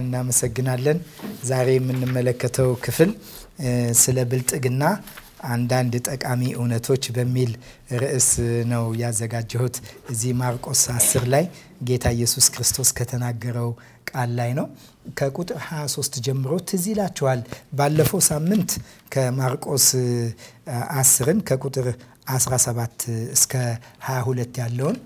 እናመሰግናለን። ዛሬ የምንመለከተው ክፍል ስለ ብልጥግና አንዳንድ ጠቃሚ እውነቶች በሚል ርዕስ ነው ያዘጋጀሁት። እዚህ ማርቆስ 10 ላይ ጌታ ኢየሱስ ክርስቶስ ከተናገረው ቃል ላይ ነው። ከቁጥር 23 ጀምሮ ትዝ ይላችኋል። ባለፈው ሳምንት ከማርቆስ 10ን ከቁጥር 17 እስከ 22 ያለውን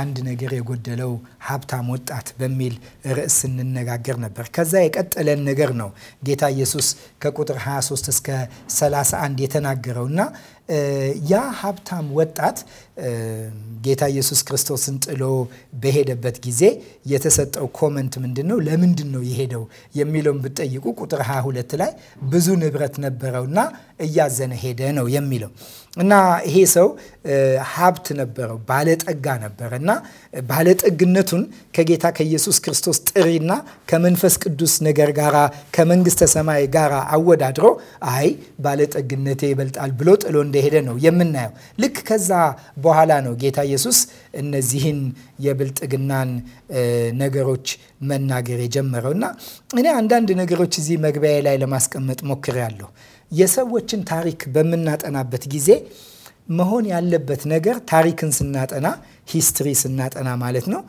አንድ ነገር የጎደለው ሀብታም ወጣት በሚል ርዕስ ስንነጋገር ነበር። ከዛ የቀጠለን ነገር ነው ጌታ ኢየሱስ ከቁጥር 23 እስከ 31 የተናገረው እና ያ ሀብታም ወጣት ጌታ ኢየሱስ ክርስቶስን ጥሎ በሄደበት ጊዜ የተሰጠው ኮመንት ምንድን ነው? ለምንድን ነው የሄደው የሚለውን ብትጠይቁ ቁጥር 22 ላይ ብዙ ንብረት ነበረውና እያዘነ ሄደ ነው የሚለው እና ይሄ ሰው ሀብት ነበረው፣ ባለጠጋ ነበረ እና ባለጠግነቱን ከጌታ ከኢየሱስ ክርስቶስ ጥሪና ከመንፈስ ቅዱስ ነገር ጋራ ከመንግስተ ሰማይ ጋር አወዳድሮ አይ ባለጠግነቴ ይበልጣል ብሎ ጥሎ እንደሄደ ነው የምናየው። ልክ ከዛ በኋላ ነው ጌታ ኢየሱስ እነዚህን የብልጥግናን ነገሮች መናገር የጀመረው እና እኔ አንዳንድ ነገሮች እዚህ መግቢያ ላይ ለማስቀመጥ ሞክሬያለሁ። የሰዎችን ታሪክ በምናጠናበት ጊዜ መሆን ያለበት ነገር ታሪክን ስናጠና ሂስትሪ ስናጠና ማለት ነው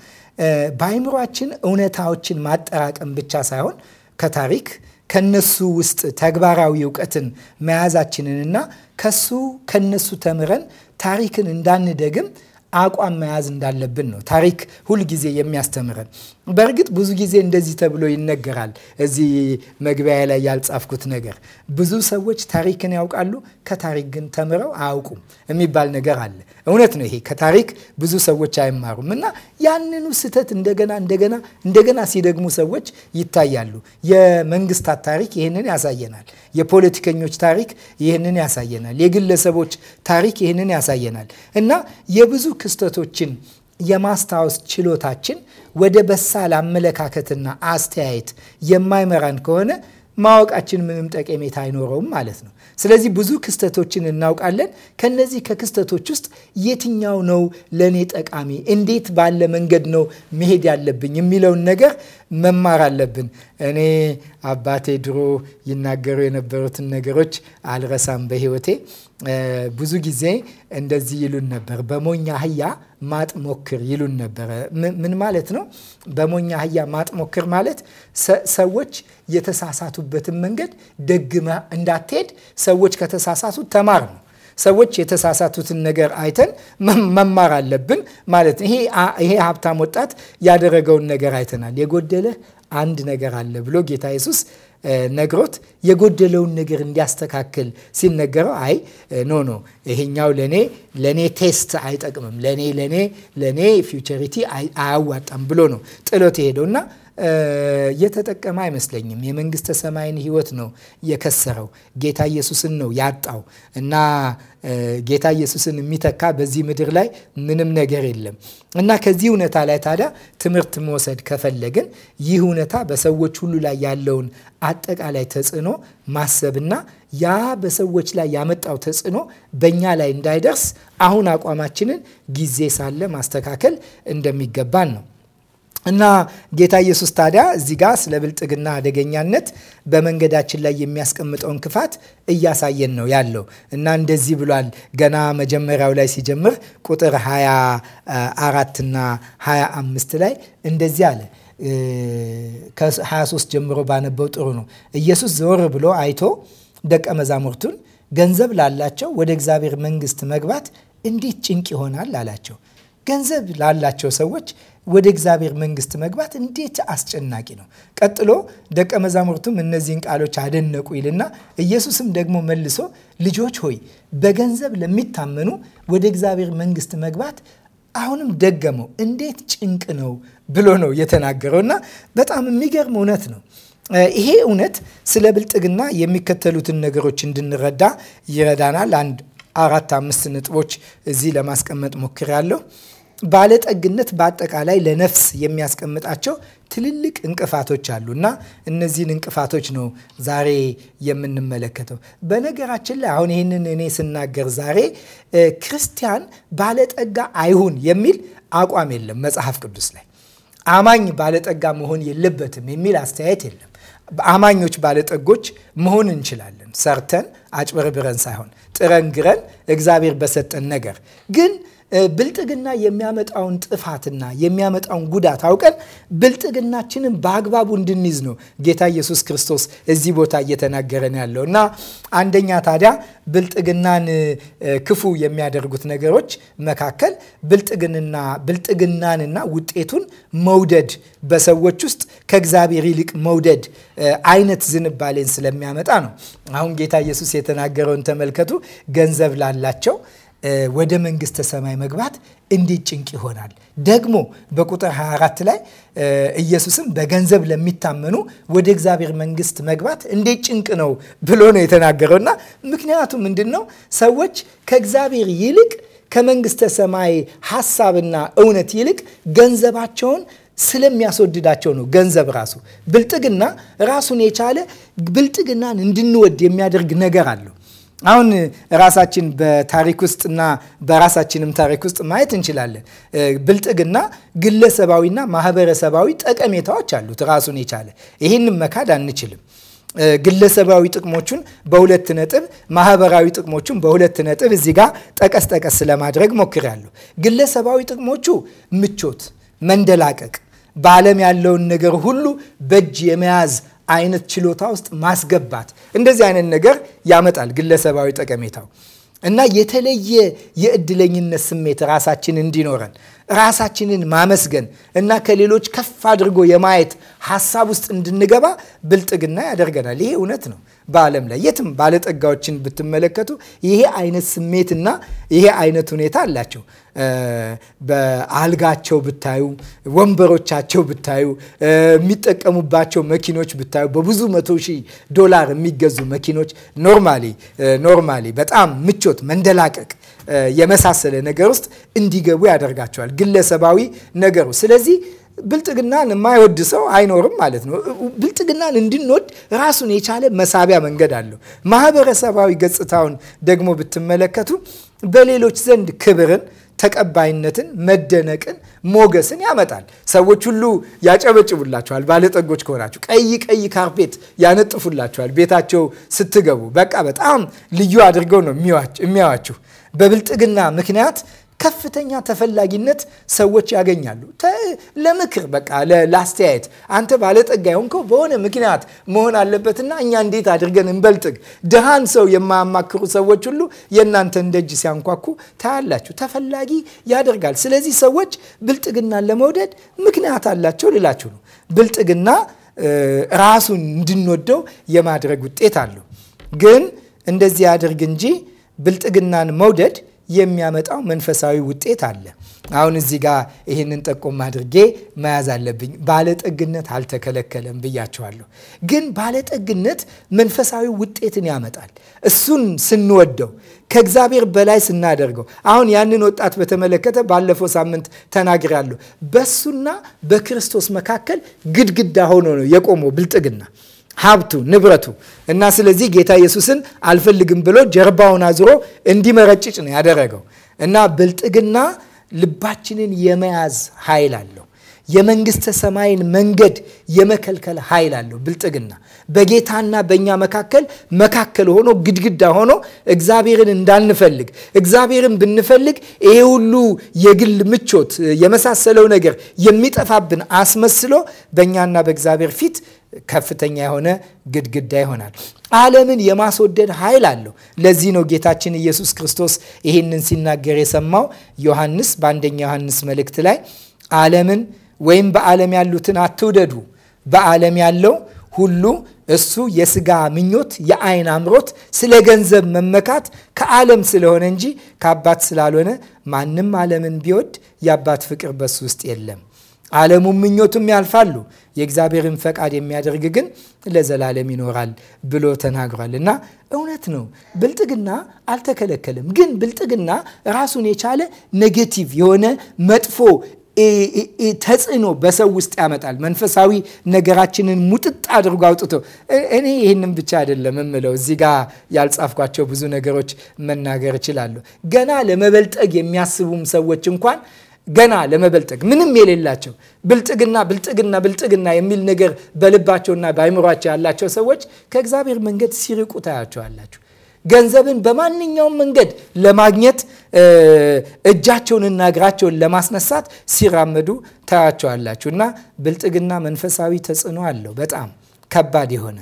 በአይምሯችን እውነታዎችን ማጠራቀም ብቻ ሳይሆን ከታሪክ ከነሱ ውስጥ ተግባራዊ እውቀትን መያዛችንንና ከሱ ከነሱ ተምረን ታሪክን እንዳንደግም አቋም መያዝ እንዳለብን ነው ታሪክ ሁልጊዜ የሚያስተምረን። በእርግጥ ብዙ ጊዜ እንደዚህ ተብሎ ይነገራል። እዚህ መግቢያ ላይ ያልጻፍኩት ነገር ብዙ ሰዎች ታሪክን ያውቃሉ፣ ከታሪክ ግን ተምረው አያውቁም የሚባል ነገር አለ። እውነት ነው ይሄ። ከታሪክ ብዙ ሰዎች አይማሩም እና ያንኑ ስህተት እንደገና እንደገና እንደገና ሲደግሙ ሰዎች ይታያሉ። የመንግስታት ታሪክ ይህንን ያሳየናል። የፖለቲከኞች ታሪክ ይህንን ያሳየናል። የግለሰቦች ታሪክ ይህንን ያሳየናል እና የብዙ ክስተቶችን የማስታወስ ችሎታችን ወደ በሳል አመለካከትና አስተያየት የማይመራን ከሆነ ማወቃችን ምንም ጠቀሜታ አይኖረውም ማለት ነው። ስለዚህ ብዙ ክስተቶችን እናውቃለን። ከነዚህ ከክስተቶች ውስጥ የትኛው ነው ለእኔ ጠቃሚ፣ እንዴት ባለ መንገድ ነው መሄድ ያለብኝ የሚለውን ነገር መማር አለብን። እኔ አባቴ ድሮ ይናገሩ የነበሩትን ነገሮች አልረሳም በህይወቴ? ብዙ ጊዜ እንደዚህ ይሉን ነበር። በሞኛ አህያ ማጥ ሞክር ይሉን ነበረ። ምን ማለት ነው? በሞኛ አህያ ማጥ ሞክር ማለት ሰዎች የተሳሳቱበትን መንገድ ደግመ እንዳትሄድ ሰዎች ከተሳሳቱ ተማር ነው። ሰዎች የተሳሳቱትን ነገር አይተን መማር አለብን ማለት ነው። ይሄ ሀብታም ወጣት ያደረገውን ነገር አይተናል። የጎደለህ አንድ ነገር አለ ብሎ ጌታ ኢየሱስ ነግሮት የጎደለውን ነገር እንዲያስተካክል ሲነገረው አይ ኖ ኖ ይሄኛው ለኔ ለኔ ቴስት አይጠቅምም ለኔ ለኔ ለኔ ፊውቸሪቲ አያዋጣም ብሎ ነው ጥሎት የሄደውና የተጠቀመ አይመስለኝም። የመንግስተ ሰማይን ህይወት ነው የከሰረው። ጌታ ኢየሱስን ነው ያጣው እና ጌታ ኢየሱስን የሚተካ በዚህ ምድር ላይ ምንም ነገር የለም እና ከዚህ እውነታ ላይ ታዲያ ትምህርት መውሰድ ከፈለግን ይህ እውነታ በሰዎች ሁሉ ላይ ያለውን አጠቃላይ ተጽዕኖ ማሰብና ያ በሰዎች ላይ ያመጣው ተጽዕኖ በእኛ ላይ እንዳይደርስ አሁን አቋማችንን ጊዜ ሳለ ማስተካከል እንደሚገባን ነው። እና ጌታ ኢየሱስ ታዲያ እዚህ ጋር ስለ ብልጥግና አደገኛነት በመንገዳችን ላይ የሚያስቀምጠውን ክፋት እያሳየን ነው ያለው እና እንደዚህ ብሏል። ገና መጀመሪያው ላይ ሲጀምር ቁጥር 24 እና 25 ላይ እንደዚህ አለ። ከ23 ጀምሮ ባነበው ጥሩ ነው። ኢየሱስ ዘወር ብሎ አይቶ ደቀ መዛሙርቱን ገንዘብ ላላቸው ወደ እግዚአብሔር መንግስት መግባት እንዴት ጭንቅ ይሆናል አላቸው። ገንዘብ ላላቸው ሰዎች ወደ እግዚአብሔር መንግስት መግባት እንዴት አስጨናቂ ነው። ቀጥሎ ደቀ መዛሙርቱም እነዚህን ቃሎች አደነቁ ይልና ኢየሱስም ደግሞ መልሶ ልጆች ሆይ በገንዘብ ለሚታመኑ ወደ እግዚአብሔር መንግስት መግባት አሁንም ደገመው እንዴት ጭንቅ ነው ብሎ ነው የተናገረው እና በጣም የሚገርም እውነት ነው። ይሄ እውነት ስለ ብልጥግና የሚከተሉትን ነገሮች እንድንረዳ ይረዳናል። አንድ አራት አምስት ነጥቦች እዚህ ለማስቀመጥ ሞክሬያለሁ። ባለጠግነት በአጠቃላይ ለነፍስ የሚያስቀምጣቸው ትልልቅ እንቅፋቶች አሉ እና እነዚህን እንቅፋቶች ነው ዛሬ የምንመለከተው። በነገራችን ላይ አሁን ይህንን እኔ ስናገር ዛሬ ክርስቲያን ባለጠጋ አይሁን የሚል አቋም የለም። መጽሐፍ ቅዱስ ላይ አማኝ ባለጠጋ መሆን የለበትም የሚል አስተያየት የለም። አማኞች ባለጠጎች መሆን እንችላለን፣ ሰርተን አጭበርብረን ሳይሆን ጥረን ግረን እግዚአብሔር በሰጠን ነገር ግን ብልጥግና የሚያመጣውን ጥፋትና የሚያመጣውን ጉዳት አውቀን ብልጥግናችንን በአግባቡ እንድንይዝ ነው ጌታ ኢየሱስ ክርስቶስ እዚህ ቦታ እየተናገረን ያለው እና አንደኛ ታዲያ ብልጥግናን ክፉ የሚያደርጉት ነገሮች መካከል ብልጥግንና ብልጥግናንና ውጤቱን መውደድ በሰዎች ውስጥ ከእግዚአብሔር ይልቅ መውደድ አይነት ዝንባሌን ስለሚያመጣ ነው። አሁን ጌታ ኢየሱስ የተናገረውን ተመልከቱ። ገንዘብ ላላቸው ወደ መንግስተ ሰማይ መግባት እንዴት ጭንቅ ይሆናል። ደግሞ በቁጥር 24 ላይ ኢየሱስም በገንዘብ ለሚታመኑ ወደ እግዚአብሔር መንግስት መግባት እንዴት ጭንቅ ነው ብሎ ነው የተናገረው እና ምክንያቱ ምንድን ነው? ሰዎች ከእግዚአብሔር ይልቅ ከመንግስተ ሰማይ ሀሳብና እውነት ይልቅ ገንዘባቸውን ስለሚያስወድዳቸው ነው። ገንዘብ ራሱ ብልጥግና ራሱን የቻለ ብልጥግናን እንድንወድ የሚያደርግ ነገር አለው። አሁን ራሳችን በታሪክ ውስጥና በራሳችንም ታሪክ ውስጥ ማየት እንችላለን። ብልጥግና ግለሰባዊና ማህበረሰባዊ ጠቀሜታዎች አሉት ራሱን የቻለ ይህንም መካድ አንችልም። ግለሰባዊ ጥቅሞቹን በሁለት ነጥብ፣ ማህበራዊ ጥቅሞቹን በሁለት ነጥብ እዚህ ጋር ጠቀስ ጠቀስ ለማድረግ ሞክሬያለሁ። ግለሰባዊ ጥቅሞቹ ምቾት፣ መንደላቀቅ፣ በዓለም ያለውን ነገር ሁሉ በእጅ የመያዝ አይነት ችሎታ ውስጥ ማስገባት እንደዚህ አይነት ነገር ያመጣል ግለሰባዊ ጠቀሜታው እና የተለየ የእድለኝነት ስሜት ራሳችን እንዲኖረን ራሳችንን ማመስገን እና ከሌሎች ከፍ አድርጎ የማየት ሀሳብ ውስጥ እንድንገባ ብልጥግና ያደርገናል። ይሄ እውነት ነው። በዓለም ላይ የትም ባለጠጋዎችን ብትመለከቱ ይሄ አይነት ስሜትና ይሄ አይነት ሁኔታ አላቸው። በአልጋቸው ብታዩ፣ ወንበሮቻቸው ብታዩ፣ የሚጠቀሙባቸው መኪኖች ብታዩ በብዙ መቶ ሺህ ዶላር የሚገዙ መኪኖች ኖርማሊ ኖርማሊ በጣም ምቾት፣ መንደላቀቅ የመሳሰለ ነገር ውስጥ እንዲገቡ ያደርጋቸዋል። ግለሰባዊ ነገሩ ስለዚህ ብልጥግናን የማይወድ ሰው አይኖርም ማለት ነው። ብልጥግናን እንድንወድ ራሱን የቻለ መሳቢያ መንገድ አለው። ማህበረሰባዊ ገጽታውን ደግሞ ብትመለከቱ በሌሎች ዘንድ ክብርን፣ ተቀባይነትን፣ መደነቅን፣ ሞገስን ያመጣል። ሰዎች ሁሉ ያጨበጭቡላቸዋል። ባለጠጎች ከሆናችሁ ቀይ ቀይ ካርፔት ያነጥፉላቸዋል። ቤታቸው ስትገቡ በቃ በጣም ልዩ አድርገው ነው የሚያዋችሁ። በብልጥግና ምክንያት ከፍተኛ ተፈላጊነት ሰዎች ያገኛሉ። ለምክር በቃ ለአስተያየት፣ አንተ ባለጠጋ የሆንከው በሆነ ምክንያት መሆን አለበትና እኛ እንዴት አድርገን እንበልጥግ። ድሃን ሰው የማያማክሩ ሰዎች ሁሉ የእናንተን ደጅ ሲያንኳኩ ታያላችሁ። ተፈላጊ ያደርጋል። ስለዚህ ሰዎች ብልጥግናን ለመውደድ ምክንያት አላቸው ልላችሁ ነው። ብልጥግና ራሱን እንድንወደው የማድረግ ውጤት አለው። ግን እንደዚህ ያድርግ እንጂ ብልጥግናን መውደድ የሚያመጣው መንፈሳዊ ውጤት አለ። አሁን እዚህ ጋር ይህንን ጠቆም አድርጌ መያዝ አለብኝ። ባለጠግነት አልተከለከለም ብያቸዋለሁ። ግን ባለጠግነት መንፈሳዊ ውጤትን ያመጣል። እሱን ስንወደው ከእግዚአብሔር በላይ ስናደርገው፣ አሁን ያንን ወጣት በተመለከተ ባለፈው ሳምንት ተናግራለሁ። በሱና በክርስቶስ መካከል ግድግዳ ሆኖ ነው የቆመው ብልጥግና ሀብቱ፣ ንብረቱ እና ስለዚህ ጌታ ኢየሱስን አልፈልግም ብሎ ጀርባውን አዝሮ እንዲመረጭጭ ነው ያደረገው እና ብልጥግና ልባችንን የመያዝ ኃይል አለው። የመንግስተ ሰማይን መንገድ የመከልከል ኃይል አለው። ብልጥግና በጌታና በእኛ መካከል መካከል ሆኖ ግድግዳ ሆኖ እግዚአብሔርን እንዳንፈልግ እግዚአብሔርን ብንፈልግ ይሄ ሁሉ የግል ምቾት የመሳሰለው ነገር የሚጠፋብን አስመስሎ በእኛና በእግዚአብሔር ፊት ከፍተኛ የሆነ ግድግዳ ይሆናል። ዓለምን የማስወደድ ኃይል አለው። ለዚህ ነው ጌታችን ኢየሱስ ክርስቶስ ይህንን ሲናገር የሰማው ዮሐንስ በአንደኛ ዮሐንስ መልእክት ላይ ዓለምን ወይም በዓለም ያሉትን አትውደዱ፣ በዓለም ያለው ሁሉ እሱ የስጋ ምኞት፣ የአይን አምሮት፣ ስለ ገንዘብ መመካት ከዓለም ስለሆነ እንጂ ከአባት ስላልሆነ ማንም ዓለምን ቢወድ የአባት ፍቅር በሱ ውስጥ የለም። ዓለሙም ምኞቱም ያልፋሉ፣ የእግዚአብሔርን ፈቃድ የሚያደርግ ግን ለዘላለም ይኖራል ብሎ ተናግሯል። እና እውነት ነው። ብልጥግና አልተከለከለም። ግን ብልጥግና ራሱን የቻለ ኔጌቲቭ የሆነ መጥፎ ተጽዕኖ በሰው ውስጥ ያመጣል። መንፈሳዊ ነገራችንን ሙጥጥ አድርጎ አውጥቶ እኔ ይህንም ብቻ አይደለም የምለው እዚህ ጋ ያልጻፍኳቸው ብዙ ነገሮች መናገር እችላለሁ። ገና ለመበልጠግ የሚያስቡም ሰዎች እንኳን ገና ለመበልጠግ ምንም የሌላቸው ብልጥግና ብልጥግና ብልጥግና የሚል ነገር በልባቸውና በአይምሯቸው ያላቸው ሰዎች ከእግዚአብሔር መንገድ ሲርቁ ታያቸዋላችሁ። ገንዘብን በማንኛውም መንገድ ለማግኘት እጃቸውንና እግራቸውን ለማስነሳት ሲራመዱ ታያቸዋላችሁ እና ብልጥግና መንፈሳዊ ተጽዕኖ አለው በጣም ከባድ የሆነ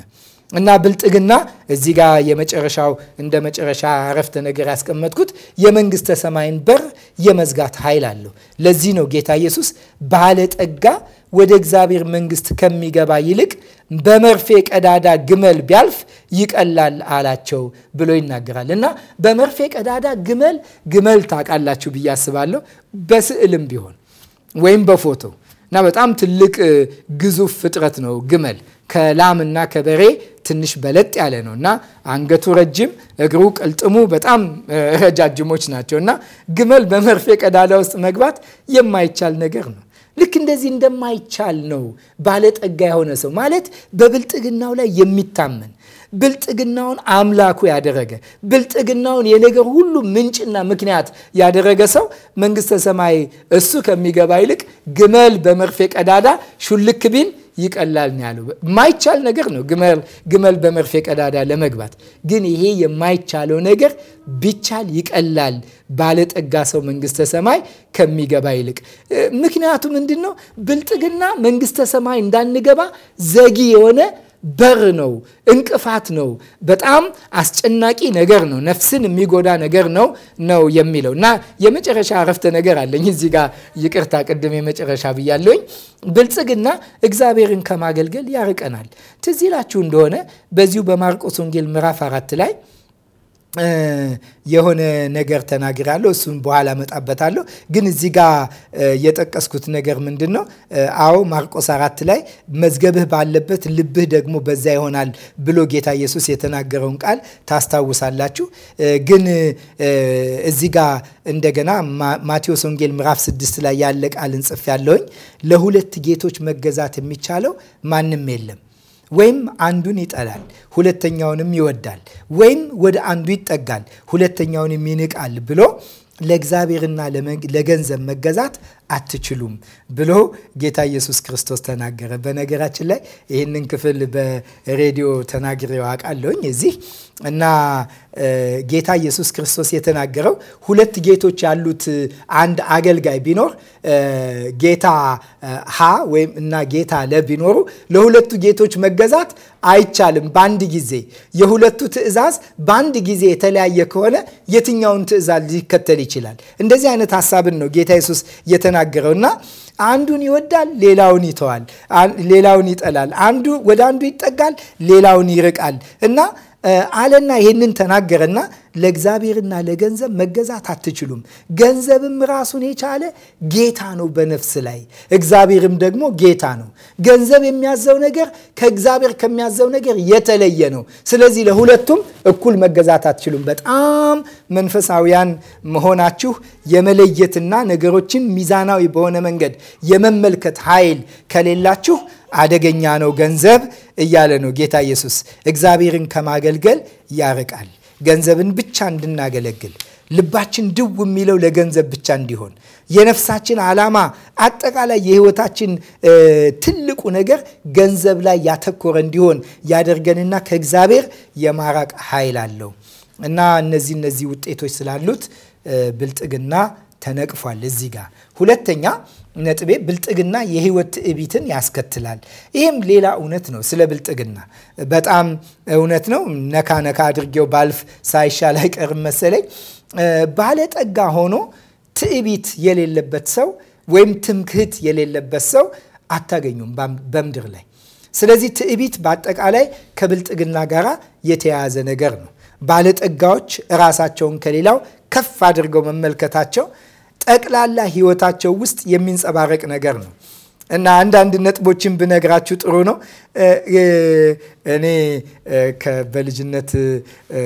እና ብልጥግና እዚህ ጋር የመጨረሻው እንደ መጨረሻ አረፍተ ነገር ያስቀመጥኩት የመንግስተ ሰማይን በር የመዝጋት ኃይል አለው። ለዚህ ነው ጌታ ኢየሱስ ባለጠጋ ወደ እግዚአብሔር መንግስት ከሚገባ ይልቅ በመርፌ ቀዳዳ ግመል ቢያልፍ ይቀላል አላቸው ብሎ ይናገራል። እና በመርፌ ቀዳዳ ግመል ግመል ታውቃላችሁ ብዬ አስባለሁ። በስዕልም ቢሆን ወይም በፎቶ እና በጣም ትልቅ ግዙፍ ፍጥረት ነው ግመል ከላምና ከበሬ ትንሽ በለጥ ያለ ነው እና አንገቱ ረጅም፣ እግሩ ቅልጥሙ በጣም ረጃጅሞች ናቸው እና ግመል በመርፌ ቀዳዳ ውስጥ መግባት የማይቻል ነገር ነው። ልክ እንደዚህ እንደማይቻል ነው ባለጠጋ የሆነ ሰው ማለት በብልጥግናው ላይ የሚታመን ብልጥግናውን አምላኩ ያደረገ ብልጥግናውን የነገር ሁሉ ምንጭና ምክንያት ያደረገ ሰው መንግስተ ሰማይ እሱ ከሚገባ ይልቅ ግመል በመርፌ ቀዳዳ ሹልክ ቢን ይቀላል ነው ያለው። የማይቻል ነገር ነው ግመል በመርፌ ቀዳዳ ለመግባት። ግን ይሄ የማይቻለው ነገር ቢቻል ይቀላል ባለጠጋ ሰው መንግስተ ሰማይ ከሚገባ ይልቅ። ምክንያቱ ምንድን ነው? ብልጥግና መንግስተ ሰማይ እንዳንገባ ዘጊ የሆነ በር ነው፣ እንቅፋት ነው፣ በጣም አስጨናቂ ነገር ነው፣ ነፍስን የሚጎዳ ነገር ነው ነው የሚለው እና የመጨረሻ አረፍተ ነገር አለኝ እዚህ ጋር ይቅርታ፣ ቅድም የመጨረሻ ብያለኝ። ብልጽግና እግዚአብሔርን ከማገልገል ያርቀናል። ትዝ ይላችሁ እንደሆነ በዚሁ በማርቆስ ወንጌል ምዕራፍ አራት ላይ የሆነ ነገር ተናግራለሁ። እሱን በኋላ መጣበታለሁ። ግን እዚህ ጋር የጠቀስኩት ነገር ምንድን ነው? አዎ ማርቆስ አራት ላይ መዝገብህ ባለበት ልብህ ደግሞ በዛ ይሆናል ብሎ ጌታ ኢየሱስ የተናገረውን ቃል ታስታውሳላችሁ። ግን እዚህ ጋር እንደገና ማቴዎስ ወንጌል ምዕራፍ ስድስት ላይ ያለ ቃል እንጽፍ ያለውኝ ለሁለት ጌቶች መገዛት የሚቻለው ማንም የለም ወይም አንዱን ይጠላል፣ ሁለተኛውንም ይወዳል፣ ወይም ወደ አንዱ ይጠጋል፣ ሁለተኛውንም ይንቃል ብሎ ለእግዚአብሔርና ለገንዘብ መገዛት አትችሉም ብሎ ጌታ ኢየሱስ ክርስቶስ ተናገረ። በነገራችን ላይ ይህንን ክፍል በሬዲዮ ተናግሬው አውቃለሁኝ እዚህ እና ጌታ ኢየሱስ ክርስቶስ የተናገረው ሁለት ጌቶች ያሉት አንድ አገልጋይ ቢኖር ጌታ ሀ ወይም እና ጌታ ለ ቢኖሩ ለሁለቱ ጌቶች መገዛት አይቻልም። በአንድ ጊዜ የሁለቱ ትዕዛዝ በአንድ ጊዜ የተለያየ ከሆነ የትኛውን ትእዛዝ ሊከተል ይችላል? እንደዚህ አይነት ሀሳብን ነው ጌታ ኢየሱስ የተናገረው እና አንዱን ይወዳል፣ ሌላውን ይተዋል፣ ሌላውን ይጠላል፣ አንዱ ወደ አንዱ ይጠጋል፣ ሌላውን ይርቃል እና አለና ይህንን ተናገረና ለእግዚአብሔርና ለገንዘብ መገዛት አትችሉም። ገንዘብም ራሱን የቻለ ጌታ ነው በነፍስ ላይ፣ እግዚአብሔርም ደግሞ ጌታ ነው። ገንዘብ የሚያዘው ነገር ከእግዚአብሔር ከሚያዘው ነገር የተለየ ነው። ስለዚህ ለሁለቱም እኩል መገዛት አትችሉም። በጣም መንፈሳዊያን መሆናችሁ የመለየትና ነገሮችን ሚዛናዊ በሆነ መንገድ የመመልከት ኃይል ከሌላችሁ አደገኛ ነው ገንዘብ እያለ ነው ጌታ ኢየሱስ። እግዚአብሔርን ከማገልገል ያርቃል። ገንዘብን ብቻ እንድናገለግል ልባችን ድው የሚለው ለገንዘብ ብቻ እንዲሆን የነፍሳችን ዓላማ አጠቃላይ የህይወታችን ትልቁ ነገር ገንዘብ ላይ ያተኮረ እንዲሆን ያደርገንና ከእግዚአብሔር የማራቅ ኃይል አለው እና እነዚህ እነዚህ ውጤቶች ስላሉት ብልጥግና ተነቅፏል እዚህ ጋር ሁለተኛ ነጥቤ ብልጥግና የህይወት ትዕቢትን ያስከትላል። ይህም ሌላ እውነት ነው። ስለ ብልጥግና በጣም እውነት ነው። ነካ ነካ አድርጌው ባልፍ ሳይሻል አይቀርም መሰለኝ። ባለጠጋ ሆኖ ትዕቢት የሌለበት ሰው ወይም ትምክህት የሌለበት ሰው አታገኙም በምድር ላይ። ስለዚህ ትዕቢት በአጠቃላይ ከብልጥግና ጋር የተያያዘ ነገር ነው። ባለጠጋዎች ራሳቸውን ከሌላው ከፍ አድርገው መመልከታቸው ጠቅላላ ህይወታቸው ውስጥ የሚንጸባረቅ ነገር ነው። እና አንዳንድ ነጥቦችን ብነግራችሁ ጥሩ ነው። እኔ በልጅነት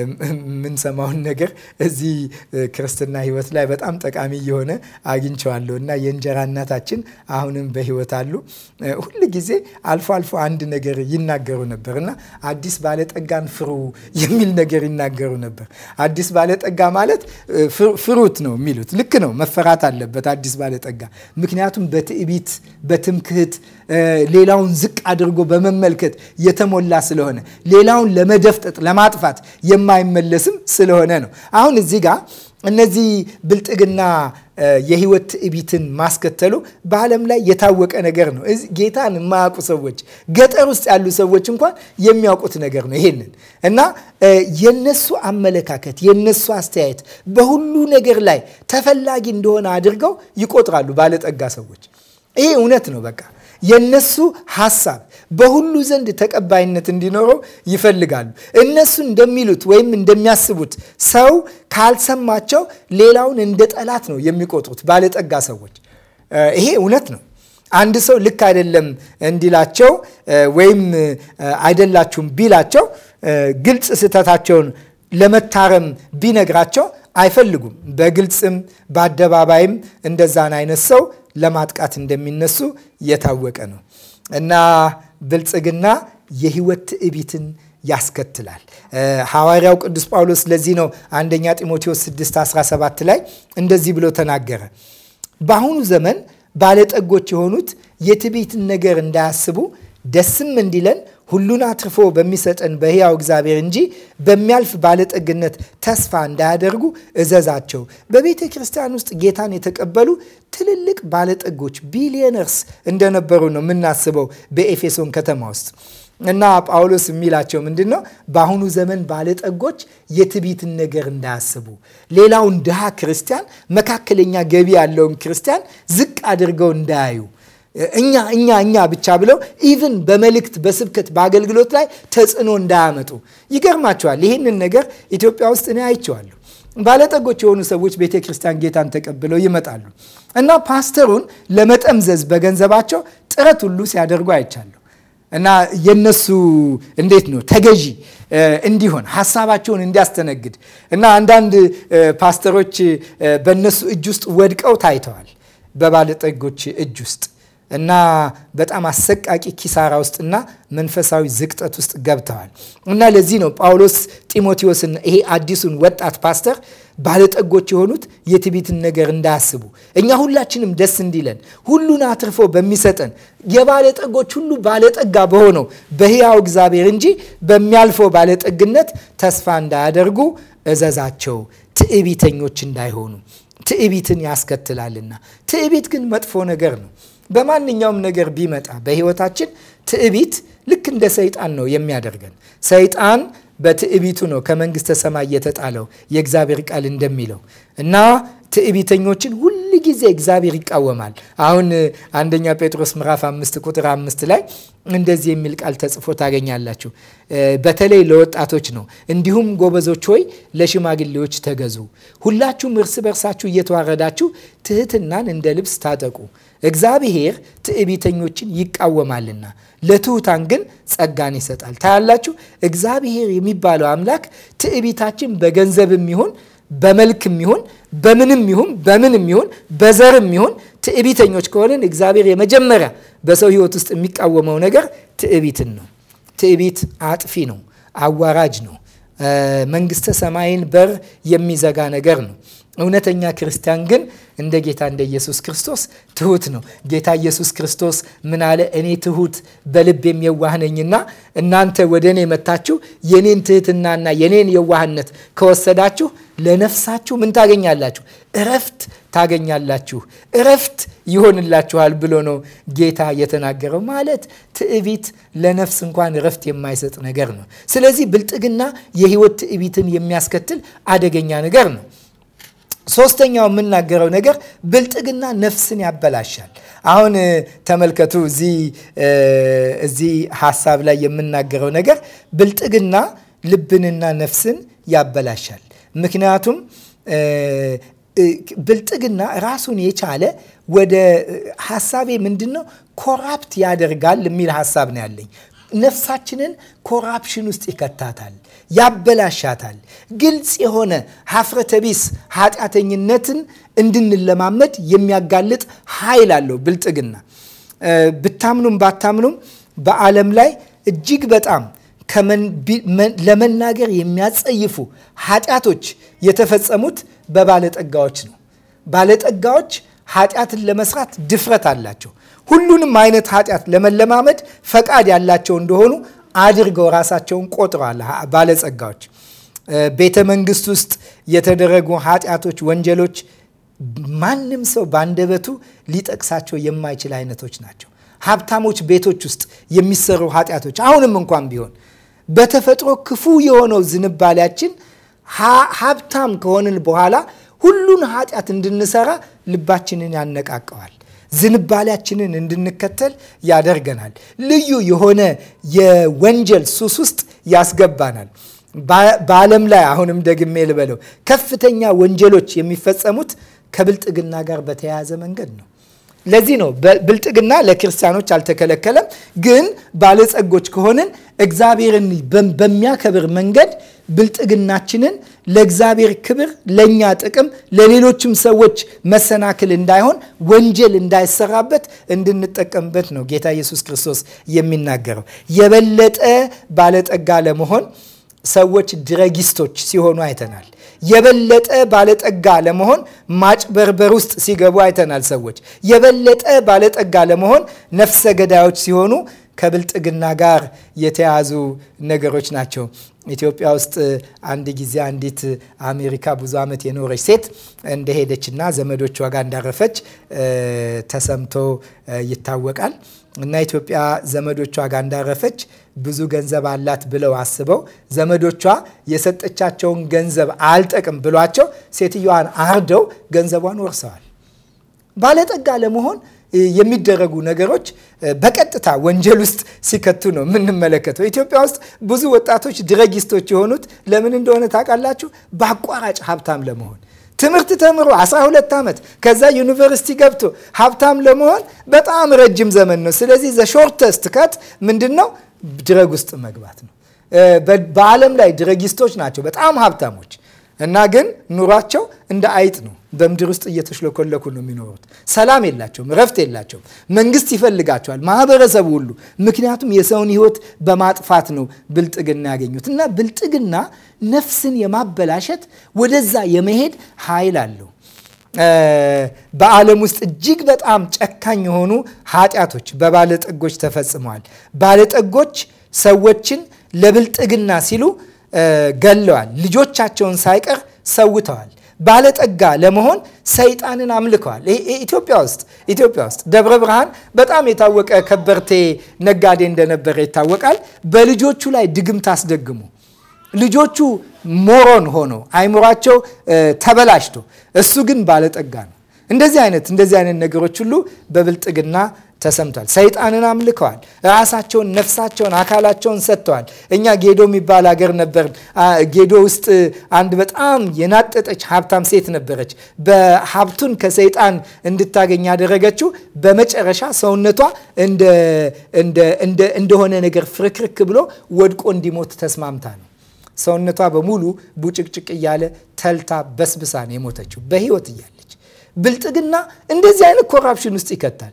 የምንሰማውን ነገር እዚህ ክርስትና ሕይወት ላይ በጣም ጠቃሚ የሆነ አግኝቸዋለሁ እና የእንጀራ እናታችን አሁንም በሕይወት አሉ። ሁል ጊዜ አልፎ አልፎ አንድ ነገር ይናገሩ ነበር እና አዲስ ባለጠጋን ፍሩ የሚል ነገር ይናገሩ ነበር። አዲስ ባለጠጋ ማለት ፍሩት ነው የሚሉት ልክ ነው። መፈራት አለበት አዲስ ባለጠጋ ምክንያቱም በትዕቢት በትም በትምክህት ሌላውን ዝቅ አድርጎ በመመልከት የተሞላ ስለሆነ ሌላውን ለመደፍጠጥ ለማጥፋት የማይመለስም ስለሆነ ነው። አሁን እዚህ ጋር እነዚህ ብልጥግና የህይወት ትዕቢትን ማስከተሉ በዓለም ላይ የታወቀ ነገር ነው። ጌታን የማያውቁ ሰዎች፣ ገጠር ውስጥ ያሉ ሰዎች እንኳን የሚያውቁት ነገር ነው። ይሄንን እና የነሱ አመለካከት የነሱ አስተያየት በሁሉ ነገር ላይ ተፈላጊ እንደሆነ አድርገው ይቆጥራሉ ባለጠጋ ሰዎች ይሄ እውነት ነው። በቃ የነሱ ሀሳብ በሁሉ ዘንድ ተቀባይነት እንዲኖረው ይፈልጋሉ። እነሱ እንደሚሉት ወይም እንደሚያስቡት ሰው ካልሰማቸው ሌላውን እንደ ጠላት ነው የሚቆጥሩት ባለጠጋ ሰዎች። ይሄ እውነት ነው። አንድ ሰው ልክ አይደለም እንዲላቸው ወይም አይደላችሁም ቢላቸው ግልጽ ስህተታቸውን ለመታረም ቢነግራቸው አይፈልጉም። በግልጽም በአደባባይም እንደዛን አይነት ሰው ለማጥቃት እንደሚነሱ የታወቀ ነው እና ብልጽግና የህይወት ትዕቢትን ያስከትላል። ሐዋርያው ቅዱስ ጳውሎስ ለዚህ ነው አንደኛ ጢሞቴዎስ 6 17 ላይ እንደዚህ ብሎ ተናገረ። በአሁኑ ዘመን ባለጠጎች የሆኑት የትዕቢትን ነገር እንዳያስቡ ደስም እንዲለን ሁሉን አትርፎ በሚሰጠን በሕያው እግዚአብሔር እንጂ በሚያልፍ ባለጠግነት ተስፋ እንዳያደርጉ እዘዛቸው። በቤተ ክርስቲያን ውስጥ ጌታን የተቀበሉ ትልልቅ ባለጠጎች ቢሊየነርስ እንደነበሩ ነው የምናስበው በኤፌሶን ከተማ ውስጥ እና ጳውሎስ የሚላቸው ምንድን ነው? በአሁኑ ዘመን ባለጠጎች የትቢትን ነገር እንዳያስቡ፣ ሌላውን ድሃ ክርስቲያን፣ መካከለኛ ገቢ ያለውን ክርስቲያን ዝቅ አድርገው እንዳያዩ እኛ እኛ እኛ ብቻ ብለው ኢቭን በመልእክት በስብከት በአገልግሎት ላይ ተጽዕኖ እንዳያመጡ ይገርማቸዋል። ይህንን ነገር ኢትዮጵያ ውስጥ እኔ አይቼዋለሁ። ባለጠጎች የሆኑ ሰዎች ቤተ ክርስቲያን ጌታን ተቀብለው ይመጣሉ እና ፓስተሩን ለመጠምዘዝ በገንዘባቸው ጥረት ሁሉ ሲያደርጉ አይቻለሁ። እና የነሱ እንዴት ነው ተገዢ እንዲሆን ሀሳባቸውን እንዲያስተነግድ እና አንዳንድ ፓስተሮች በነሱ እጅ ውስጥ ወድቀው ታይተዋል። በባለጠጎች እጅ ውስጥ እና በጣም አሰቃቂ ኪሳራ ውስጥና መንፈሳዊ ዝቅጠት ውስጥ ገብተዋል። እና ለዚህ ነው ጳውሎስ ጢሞቴዎስን ይሄ አዲሱን ወጣት ፓስተር ባለጠጎች የሆኑት የትቢትን ነገር እንዳያስቡ እኛ ሁላችንም ደስ እንዲለን ሁሉን አትርፎ በሚሰጠን የባለጠጎች ሁሉ ባለጠጋ በሆነው በሕያው እግዚአብሔር እንጂ በሚያልፈው ባለጠግነት ተስፋ እንዳያደርጉ እዘዛቸው፣ ትዕቢተኞች እንዳይሆኑ። ትዕቢትን ያስከትላልና። ትዕቢት ግን መጥፎ ነገር ነው። በማንኛውም ነገር ቢመጣ በህይወታችን ትዕቢት ልክ እንደ ሰይጣን ነው የሚያደርገን። ሰይጣን በትዕቢቱ ነው ከመንግስተ ሰማይ የተጣለው የእግዚአብሔር ቃል እንደሚለው እና ትዕቢተኞችን ሁል ጊዜ እግዚአብሔር ይቃወማል። አሁን አንደኛ ጴጥሮስ ምዕራፍ አምስት ቁጥር አምስት ላይ እንደዚህ የሚል ቃል ተጽፎ ታገኛላችሁ። በተለይ ለወጣቶች ነው። እንዲሁም ጎበዞች ሆይ ለሽማግሌዎች ተገዙ። ሁላችሁም እርስ በርሳችሁ እየተዋረዳችሁ ትህትናን እንደ ልብስ ታጠቁ። እግዚአብሔር ትዕቢተኞችን ይቃወማልና ለትሑታን ግን ጸጋን ይሰጣል። ታያላችሁ፣ እግዚአብሔር የሚባለው አምላክ ትዕቢታችን በገንዘብም ይሁን በመልክም ይሁን በምንም ይሁን በምንም ይሁን በዘርም ይሁን ትዕቢተኞች ከሆንን እግዚአብሔር የመጀመሪያ በሰው ሕይወት ውስጥ የሚቃወመው ነገር ትዕቢትን ነው። ትዕቢት አጥፊ ነው፣ አዋራጅ ነው፣ መንግስተ ሰማይን በር የሚዘጋ ነገር ነው። እውነተኛ ክርስቲያን ግን እንደ ጌታ እንደ ኢየሱስ ክርስቶስ ትሁት ነው። ጌታ ኢየሱስ ክርስቶስ ምን አለ? እኔ ትሁት በልብ የዋህ ነኝና እናንተ ወደ እኔ መታችሁ የኔን ትህትናና የኔን የዋህነት ከወሰዳችሁ ለነፍሳችሁ ምን ታገኛላችሁ? እረፍት ታገኛላችሁ፣ እረፍት ይሆንላችኋል ብሎ ነው ጌታ የተናገረው። ማለት ትዕቢት ለነፍስ እንኳን እረፍት የማይሰጥ ነገር ነው። ስለዚህ ብልጥግና የህይወት ትዕቢትን የሚያስከትል አደገኛ ነገር ነው። ሶስተኛው የምናገረው ነገር ብልጥግና ነፍስን ያበላሻል። አሁን ተመልከቱ፣ እዚህ ሀሳብ ላይ የምናገረው ነገር ብልጥግና ልብንና ነፍስን ያበላሻል። ምክንያቱም ብልጥግና ራሱን የቻለ ወደ ሀሳቤ ምንድን ነው ኮራፕት ያደርጋል የሚል ሀሳብ ነው ያለኝ። ነፍሳችንን ኮራፕሽን ውስጥ ይከታታል። ያበላሻታል። ግልጽ የሆነ ሀፍረተቢስ ኃጢአተኝነትን እንድንለማመድ የሚያጋልጥ ኃይል አለው ብልጥግና። ብታምኑም ባታምኑም በዓለም ላይ እጅግ በጣም ለመናገር የሚያጸይፉ ኃጢአቶች የተፈጸሙት በባለጠጋዎች ነው። ባለጠጋዎች ኃጢአትን ለመስራት ድፍረት አላቸው። ሁሉንም አይነት ኃጢአት ለመለማመድ ፈቃድ ያላቸው እንደሆኑ አድርገው ራሳቸውን ቆጥረዋል። ባለጸጋዎች ቤተ መንግስት ውስጥ የተደረጉ ኃጢአቶች፣ ወንጀሎች ማንም ሰው በአንደበቱ ሊጠቅሳቸው የማይችል አይነቶች ናቸው። ሀብታሞች ቤቶች ውስጥ የሚሰሩ ኃጢአቶች አሁንም እንኳን ቢሆን በተፈጥሮ ክፉ የሆነው ዝንባሌያችን ሀብታም ከሆንን በኋላ ሁሉን ኃጢአት እንድንሰራ ልባችንን ያነቃቀዋል። ዝንባሌያችንን እንድንከተል ያደርገናል። ልዩ የሆነ የወንጀል ሱስ ውስጥ ያስገባናል። በዓለም ላይ አሁንም ደግሜ ልበለው፣ ከፍተኛ ወንጀሎች የሚፈጸሙት ከብልጥግና ጋር በተያያዘ መንገድ ነው። ለዚህ ነው ብልጥግና ለክርስቲያኖች አልተከለከለም። ግን ባለጸጎች ከሆንን እግዚአብሔርን በሚያከብር መንገድ ብልጥግናችንን ለእግዚአብሔር ክብር፣ ለእኛ ጥቅም፣ ለሌሎችም ሰዎች መሰናክል እንዳይሆን፣ ወንጀል እንዳይሰራበት እንድንጠቀምበት ነው ጌታ ኢየሱስ ክርስቶስ የሚናገረው። የበለጠ ባለጠጋ ለመሆን ሰዎች ድረጊስቶች ሲሆኑ አይተናል። የበለጠ ባለጠጋ ለመሆን ማጭበርበር ውስጥ ሲገቡ አይተናል። ሰዎች የበለጠ ባለጠጋ ለመሆን ነፍሰ ገዳዮች ሲሆኑ ከብልጥግና ጋር የተያዙ ነገሮች ናቸው። ኢትዮጵያ ውስጥ አንድ ጊዜ አንዲት አሜሪካ ብዙ ዓመት የኖረች ሴት እንደሄደችና ዘመዶቿ ጋር እንዳረፈች ተሰምቶ ይታወቃል። እና ኢትዮጵያ ዘመዶቿ ጋር እንዳረፈች ብዙ ገንዘብ አላት ብለው አስበው ዘመዶቿ የሰጠቻቸውን ገንዘብ አልጠቅም ብሏቸው ሴትዮዋን አርደው ገንዘቧን ወርሰዋል። ባለጠጋ ለመሆን የሚደረጉ ነገሮች በቀጥታ ወንጀል ውስጥ ሲከቱ ነው የምንመለከተው። ኢትዮጵያ ውስጥ ብዙ ወጣቶች ድረጊስቶች የሆኑት ለምን እንደሆነ ታውቃላችሁ? በአቋራጭ ሀብታም ለመሆን ትምህርት ተምሮ 12 ዓመት ከዛ ዩኒቨርሲቲ ገብቶ ሀብታም ለመሆን በጣም ረጅም ዘመን ነው። ስለዚህ ዘ ሾርተስት ከት ምንድን ነው? ድረግ ውስጥ መግባት ነው። በዓለም ላይ ድረጊስቶች ናቸው በጣም ሀብታሞች እና ግን ኑሯቸው እንደ አይጥ ነው። በምድር ውስጥ እየተሽለኮለኩ ነው የሚኖሩት። ሰላም የላቸውም፣ ረፍት የላቸውም። መንግስት ይፈልጋቸዋል፣ ማህበረሰቡ ሁሉ። ምክንያቱም የሰውን ህይወት በማጥፋት ነው ብልጥግና ያገኙት እና ብልጥግና ነፍስን የማበላሸት ወደዛ የመሄድ ኃይል አለው። በዓለም ውስጥ እጅግ በጣም ጨካኝ የሆኑ ኃጢአቶች በባለጠጎች ተፈጽመዋል። ባለጠጎች ሰዎችን ለብልጥግና ሲሉ ገለዋል። ልጆቻቸውን ሳይቀር ሰውተዋል። ባለጠጋ ለመሆን ሰይጣንን አምልከዋል። ኢትዮጵያ ውስጥ ኢትዮጵያ ውስጥ ደብረ ብርሃን በጣም የታወቀ ከበርቴ ነጋዴ እንደነበረ ይታወቃል። በልጆቹ ላይ ድግምት አስደግሙ ልጆቹ ሞሮን ሆኖ አይምሯቸው ተበላሽቶ፣ እሱ ግን ባለጠጋ ነው። እንደዚህ አይነት እንደዚህ አይነት ነገሮች ሁሉ በብልጥግና ተሰምቷል። ሰይጣንን አምልከዋል። ራሳቸውን፣ ነፍሳቸውን፣ አካላቸውን ሰጥተዋል። እኛ ጌዶ የሚባል ሀገር ነበር። ጌዶ ውስጥ አንድ በጣም የናጠጠች ሀብታም ሴት ነበረች። በሀብቱን ከሰይጣን እንድታገኝ ያደረገችው በመጨረሻ ሰውነቷ እንደሆነ ነገር ፍርክርክ ብሎ ወድቆ እንዲሞት ተስማምታ ነው። ሰውነቷ በሙሉ ቡጭቅጭቅ እያለ ተልታ በስብሳ ነው የሞተችው በህይወት እያለ ብልጥግና እንደዚህ አይነት ኮራፕሽን ውስጥ ይከታል።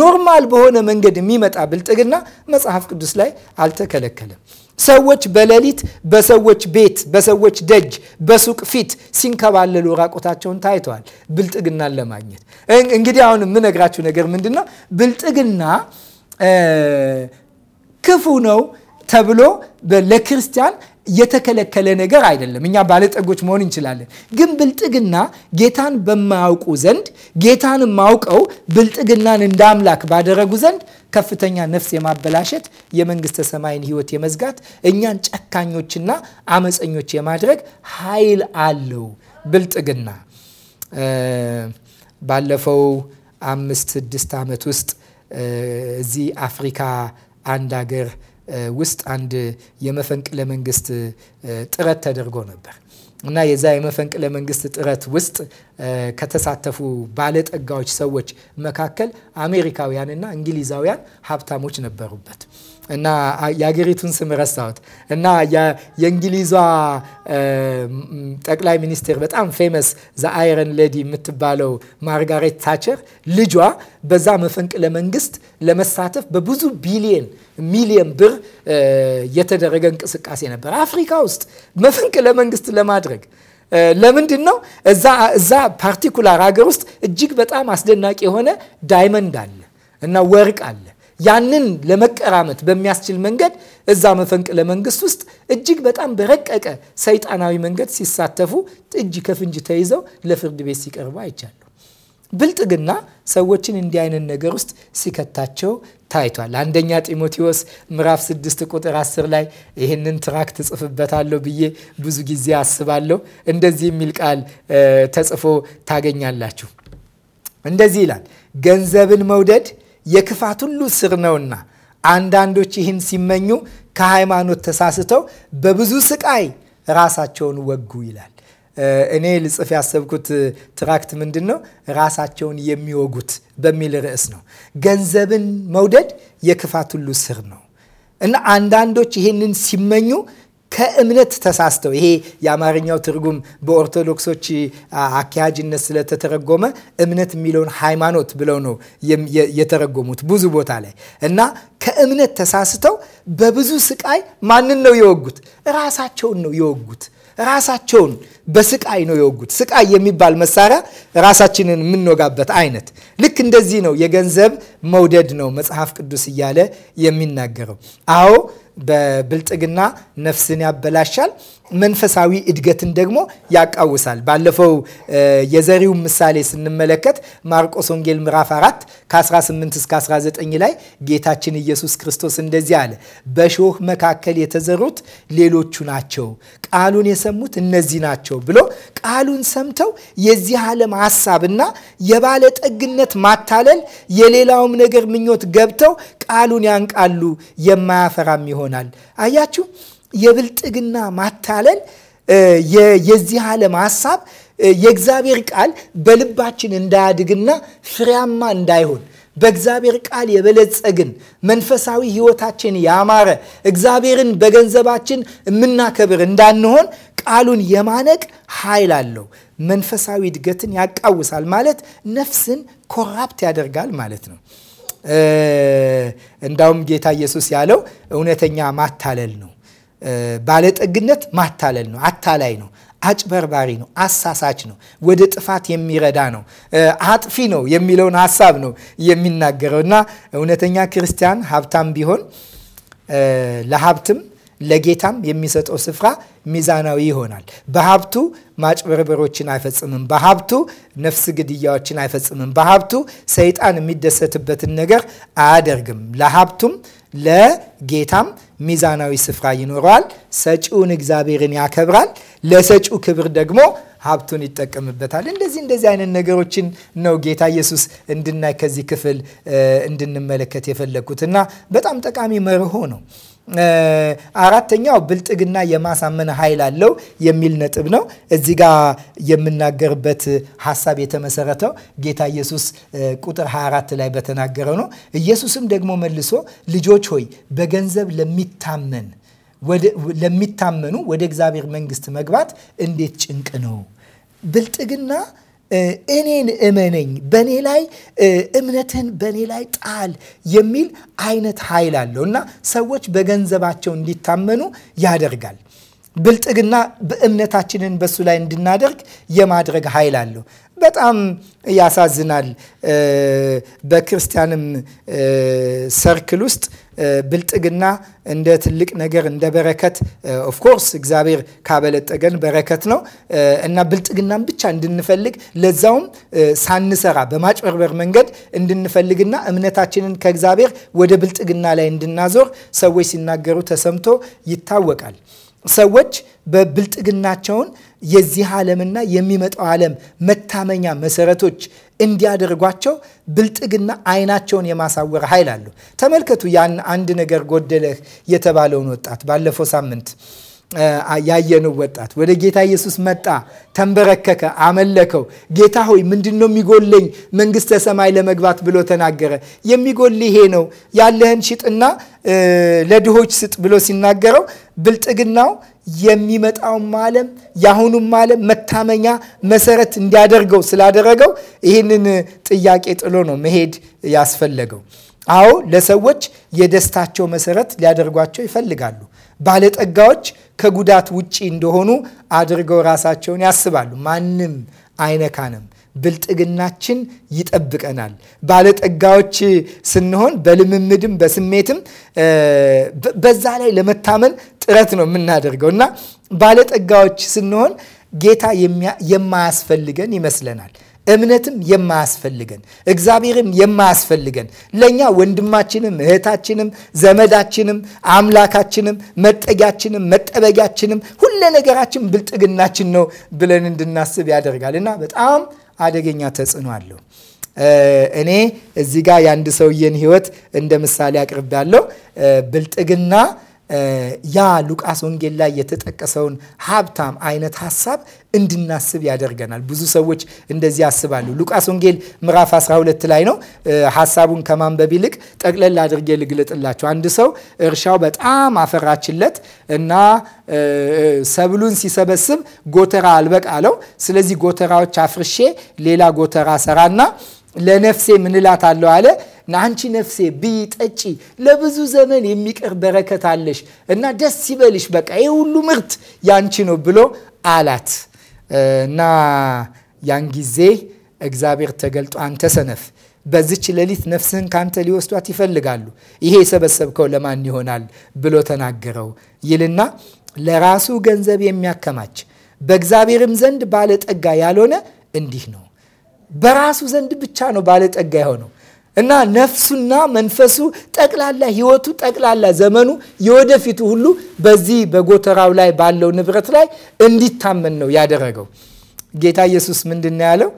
ኖርማል በሆነ መንገድ የሚመጣ ብልጥግና መጽሐፍ ቅዱስ ላይ አልተከለከለም። ሰዎች በሌሊት በሰዎች ቤት፣ በሰዎች ደጅ፣ በሱቅ ፊት ሲንከባለሉ ራቆታቸውን ታይተዋል ብልጥግናን ለማግኘት። እንግዲህ አሁን የምነግራችሁ ነገር ምንድን ነው? ብልጥግና ክፉ ነው ተብሎ ለክርስቲያን የተከለከለ ነገር አይደለም። እኛ ባለጠጎች መሆን እንችላለን። ግን ብልጥግና ጌታን በማያውቁ ዘንድ ጌታን ማውቀው ብልጥግናን እንደ አምላክ ባደረጉ ዘንድ ከፍተኛ ነፍስ የማበላሸት የመንግስተ ሰማይን ህይወት የመዝጋት እኛን ጨካኞችና አመፀኞች የማድረግ ኃይል አለው ብልጥግና። ባለፈው አምስት ስድስት ዓመት ውስጥ እዚህ አፍሪካ አንድ ሀገር ውስጥ አንድ የመፈንቅለ መንግስት ጥረት ተደርጎ ነበር እና የዛ የመፈንቅለ መንግስት ጥረት ውስጥ ከተሳተፉ ባለጠጋዎች ሰዎች መካከል አሜሪካውያንና እንግሊዛውያን ሀብታሞች ነበሩበት እና የአገሪቱን ስም ረሳሁት እና የእንግሊዟ ጠቅላይ ሚኒስትር በጣም ፌመስ ዘ አይረን ሌዲ የምትባለው ማርጋሬት ታቸር ልጇ በዛ መፈንቅለ መንግስት ለመሳተፍ በብዙ ቢሊየን ሚሊየን ብር የተደረገ እንቅስቃሴ ነበር። አፍሪካ ውስጥ መፈንቅለ መንግስት ለማድረግ ለምንድን ነው? እዛ ፓርቲኩላር ሀገር ውስጥ እጅግ በጣም አስደናቂ የሆነ ዳይመንድ አለ እና ወርቅ አለ። ያንን ለመቀራመት በሚያስችል መንገድ እዛ መፈንቅለ መንግስት ውስጥ እጅግ በጣም በረቀቀ ሰይጣናዊ መንገድ ሲሳተፉ እጅ ከፍንጅ ተይዘው ለፍርድ ቤት ሲቀርቡ አይቻሉ። ብልጥግና ሰዎችን እንዲህ አይነት ነገር ውስጥ ሲከታቸው ታይቷል። አንደኛ ጢሞቴዎስ ምዕራፍ 6 ቁጥር 10 ላይ ይህንን ትራክት ትጽፍበታለሁ ብዬ ብዙ ጊዜ አስባለሁ። እንደዚህ የሚል ቃል ተጽፎ ታገኛላችሁ። እንደዚህ ይላል፣ ገንዘብን መውደድ የክፋት ሁሉ ስር ነውና አንዳንዶች ይህን ሲመኙ ከሃይማኖት ተሳስተው በብዙ ስቃይ ራሳቸውን ወጉ ይላል። እኔ ልጽፍ ያሰብኩት ትራክት ምንድን ነው? ራሳቸውን የሚወጉት በሚል ርዕስ ነው። ገንዘብን መውደድ የክፋት ሁሉ ስር ነው እና አንዳንዶች ይህንን ሲመኙ ከእምነት ተሳስተው ይሄ የአማርኛው ትርጉም በኦርቶዶክሶች አካያጅነት ስለተተረጎመ እምነት የሚለውን ሃይማኖት ብለው ነው የተረጎሙት ብዙ ቦታ ላይ እና ከእምነት ተሳስተው በብዙ ስቃይ ማንን ነው የወጉት? ራሳቸውን ነው የወጉት። ራሳቸውን በስቃይ ነው የወጉት። ስቃይ የሚባል መሳሪያ ራሳችንን የምንወጋበት አይነት ልክ እንደዚህ ነው። የገንዘብ መውደድ ነው መጽሐፍ ቅዱስ እያለ የሚናገረው። አዎ በብልጥግና ነፍስን ያበላሻል። መንፈሳዊ እድገትን ደግሞ ያቃውሳል። ባለፈው የዘሪው ምሳሌ ስንመለከት ማርቆስ ወንጌል ምዕራፍ 4 ከ18 እስከ 19 ላይ ጌታችን ኢየሱስ ክርስቶስ እንደዚህ አለ። በሾህ መካከል የተዘሩት ሌሎቹ ናቸው፣ ቃሉን የሰሙት እነዚህ ናቸው ብሎ ቃሉን ሰምተው የዚህ ዓለም ሀሳብና የባለጠግነት ማታለል፣ የሌላውም ነገር ምኞት ገብተው ቃሉን ያንቃሉ፣ የማያፈራም ይሆናል። አያችሁ የብልጥግና ማታለል የዚህ ዓለም ሀሳብ የእግዚአብሔር ቃል በልባችን እንዳያድግና ፍሬያማ እንዳይሆን በእግዚአብሔር ቃል የበለጸግን መንፈሳዊ ሕይወታችን ያማረ እግዚአብሔርን በገንዘባችን የምናከብር እንዳንሆን ቃሉን የማነቅ ኃይል አለው። መንፈሳዊ እድገትን ያቃውሳል ማለት ነፍስን ኮራፕት ያደርጋል ማለት ነው። እንዳውም ጌታ ኢየሱስ ያለው እውነተኛ ማታለል ነው። ባለጠግነት ማታለል ነው፣ አታላይ ነው፣ አጭበርባሪ ነው፣ አሳሳች ነው፣ ወደ ጥፋት የሚረዳ ነው፣ አጥፊ ነው የሚለውን ሀሳብ ነው የሚናገረው እና እውነተኛ ክርስቲያን ሀብታም ቢሆን ለሀብትም ለጌታም የሚሰጠው ስፍራ ሚዛናዊ ይሆናል። በሀብቱ ማጭበርበሮችን አይፈጽምም። በሀብቱ ነፍስ ግድያዎችን አይፈጽምም። በሀብቱ ሰይጣን የሚደሰትበትን ነገር አያደርግም። ለሀብቱም ለጌታም ሚዛናዊ ስፍራ ይኖረዋል። ሰጪውን እግዚአብሔርን ያከብራል። ለሰጪው ክብር ደግሞ ሀብቱን ይጠቀምበታል። እንደዚህ እንደዚህ አይነት ነገሮችን ነው ጌታ ኢየሱስ እንድናይ ከዚህ ክፍል እንድንመለከት የፈለግኩት እና በጣም ጠቃሚ መርሆ ነው። አራተኛው ብልጥግና የማሳመን ኃይል አለው የሚል ነጥብ ነው። እዚህ ጋ የምናገርበት ሀሳብ የተመሰረተው ጌታ ኢየሱስ ቁጥር 24 ላይ በተናገረው ነው። ኢየሱስም ደግሞ መልሶ ልጆች ሆይ በገንዘብ ለሚታመን ለሚታመኑ ወደ እግዚአብሔር መንግስት መግባት እንዴት ጭንቅ ነው። ብልጥግና እኔን እመነኝ፣ በእኔ ላይ እምነትን በእኔ ላይ ጣል የሚል አይነት ኃይል አለው እና ሰዎች በገንዘባቸው እንዲታመኑ ያደርጋል። ብልጥግና በእምነታችንን በሱ ላይ እንድናደርግ የማድረግ ኃይል አለው። በጣም ያሳዝናል። በክርስቲያንም ሰርክል ውስጥ ብልጥግና እንደ ትልቅ ነገር እንደ በረከት ኦፍኮርስ እግዚአብሔር ካበለጠገን በረከት ነው እና ብልጥግናን ብቻ እንድንፈልግ ለዛውም ሳንሰራ በማጭበርበር መንገድ እንድንፈልግና እምነታችንን ከእግዚአብሔር ወደ ብልጥግና ላይ እንድናዞር ሰዎች ሲናገሩ ተሰምቶ ይታወቃል። ሰዎች በብልጥግናቸውን የዚህ ዓለምና የሚመጣው ዓለም መታመኛ መሰረቶች እንዲያደርጓቸው ብልጥግና አይናቸውን የማሳወር ኃይል አለው። ተመልከቱ ያን አንድ ነገር ጎደለህ የተባለውን ወጣት ባለፈው ሳምንት ያየነው ወጣት ወደ ጌታ ኢየሱስ መጣ፣ ተንበረከከ፣ አመለከው። ጌታ ሆይ ምንድን ነው የሚጎለኝ መንግስተ ሰማይ ለመግባት ብሎ ተናገረ። የሚጎል ይሄ ነው ያለህን ሽጥና ለድሆች ስጥ ብሎ ሲናገረው ብልጥግናው የሚመጣውም ዓለም የአሁኑም ዓለም መታመኛ መሰረት እንዲያደርገው ስላደረገው ይህንን ጥያቄ ጥሎ ነው መሄድ ያስፈለገው። አዎ ለሰዎች የደስታቸው መሰረት ሊያደርጓቸው ይፈልጋሉ። ባለጠጋዎች ከጉዳት ውጪ እንደሆኑ አድርገው ራሳቸውን ያስባሉ። ማንም አይነካንም። ብልጥግናችን ይጠብቀናል። ባለጠጋዎች ስንሆን በልምምድም በስሜትም በዛ ላይ ለመታመን ጥረት ነው የምናደርገው እና ባለጠጋዎች ስንሆን ጌታ የማያስፈልገን ይመስለናል። እምነትም የማያስፈልገን እግዚአብሔርም የማያስፈልገን ለእኛ ወንድማችንም እህታችንም ዘመዳችንም አምላካችንም መጠጊያችንም መጠበቂያችንም ሁለ ነገራችን ብልጥግናችን ነው ብለን እንድናስብ ያደርጋል እና በጣም አደገኛ ተጽዕኖ አለው። እኔ እዚህ ጋር የአንድ ሰውዬን ህይወት እንደ ምሳሌ አቅርቤያለሁ። ብልጥግና ያ ሉቃስ ወንጌል ላይ የተጠቀሰውን ሀብታም አይነት ሀሳብ እንድናስብ ያደርገናል። ብዙ ሰዎች እንደዚህ ያስባሉ። ሉቃስ ወንጌል ምዕራፍ 12 ላይ ነው። ሀሳቡን ከማንበብ ይልቅ ጠቅለል አድርጌ ልግለጥላቸው። አንድ ሰው እርሻው በጣም አፈራችለት እና ሰብሉን ሲሰበስብ ጎተራ አልበቅ አለው። ስለዚህ ጎተራዎች አፍርሼ ሌላ ጎተራ ሰራና ለነፍሴ ምንላት አለው አለ ናንቺ ነፍሴ ብይ ጠጪ፣ ለብዙ ዘመን የሚቀር በረከት አለሽ እና ደስ ይበልሽ፣ በቃ ይህ ሁሉ ምርት ያንቺ ነው ብሎ አላት እና ያን ጊዜ እግዚአብሔር ተገልጦ አንተ ሰነፍ በዚች ሌሊት ነፍስህን ካንተ ሊወስዷት ይፈልጋሉ፣ ይሄ የሰበሰብከው ለማን ይሆናል ብሎ ተናገረው ይልና ለራሱ ገንዘብ የሚያከማች በእግዚአብሔርም ዘንድ ባለጠጋ ያልሆነ እንዲህ ነው። በራሱ ዘንድ ብቻ ነው ባለጠጋ የሆነው። እና ነፍሱና መንፈሱ ጠቅላላ ህይወቱ ጠቅላላ ዘመኑ የወደፊቱ ሁሉ በዚህ በጎተራው ላይ ባለው ንብረት ላይ እንዲታመን ነው ያደረገው። ጌታ ኢየሱስ ምንድን ነው ያለው?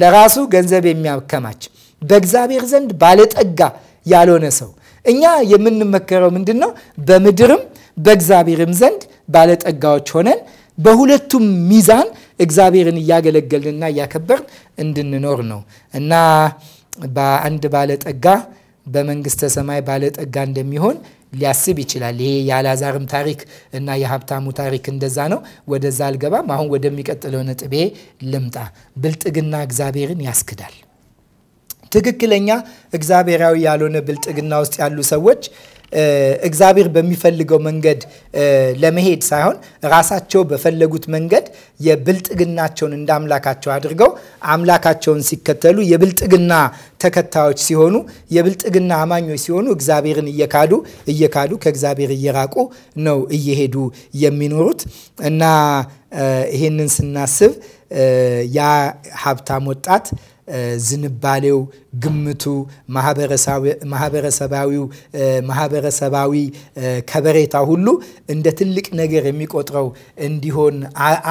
ለራሱ ገንዘብ የሚያከማች በእግዚአብሔር ዘንድ ባለጠጋ ያልሆነ ሰው። እኛ የምንመከረው ምንድን ነው? በምድርም በእግዚአብሔርም ዘንድ ባለጠጋዎች ሆነን በሁለቱም ሚዛን እግዚአብሔርን እያገለገልን እና እያከበርን እንድንኖር ነው እና በአንድ ባለጠጋ በመንግስተ ሰማይ ባለጠጋ እንደሚሆን ሊያስብ ይችላል። ይሄ የአልዓዛርም ታሪክ እና የሀብታሙ ታሪክ እንደዛ ነው። ወደዛ አልገባም። አሁን ወደሚቀጥለው ነጥቤ ልምጣ። ብልጥግና እግዚአብሔርን ያስክዳል። ትክክለኛ እግዚአብሔራዊ ያልሆነ ብልጥግና ውስጥ ያሉ ሰዎች እግዚአብሔር በሚፈልገው መንገድ ለመሄድ ሳይሆን ራሳቸው በፈለጉት መንገድ የብልጥግናቸውን እንደ አምላካቸው አድርገው አምላካቸውን ሲከተሉ የብልጥግና ተከታዮች ሲሆኑ የብልጥግና አማኞች ሲሆኑ እግዚአብሔርን እየካዱ እየካዱ ከእግዚአብሔር እየራቁ ነው እየሄዱ የሚኖሩት እና ይህንን ስናስብ ያ ሀብታም ወጣት ዝንባሌው፣ ግምቱ፣ ማህበረሰባዊው ማህበረሰባዊ ከበሬታ ሁሉ እንደ ትልቅ ነገር የሚቆጥረው እንዲሆን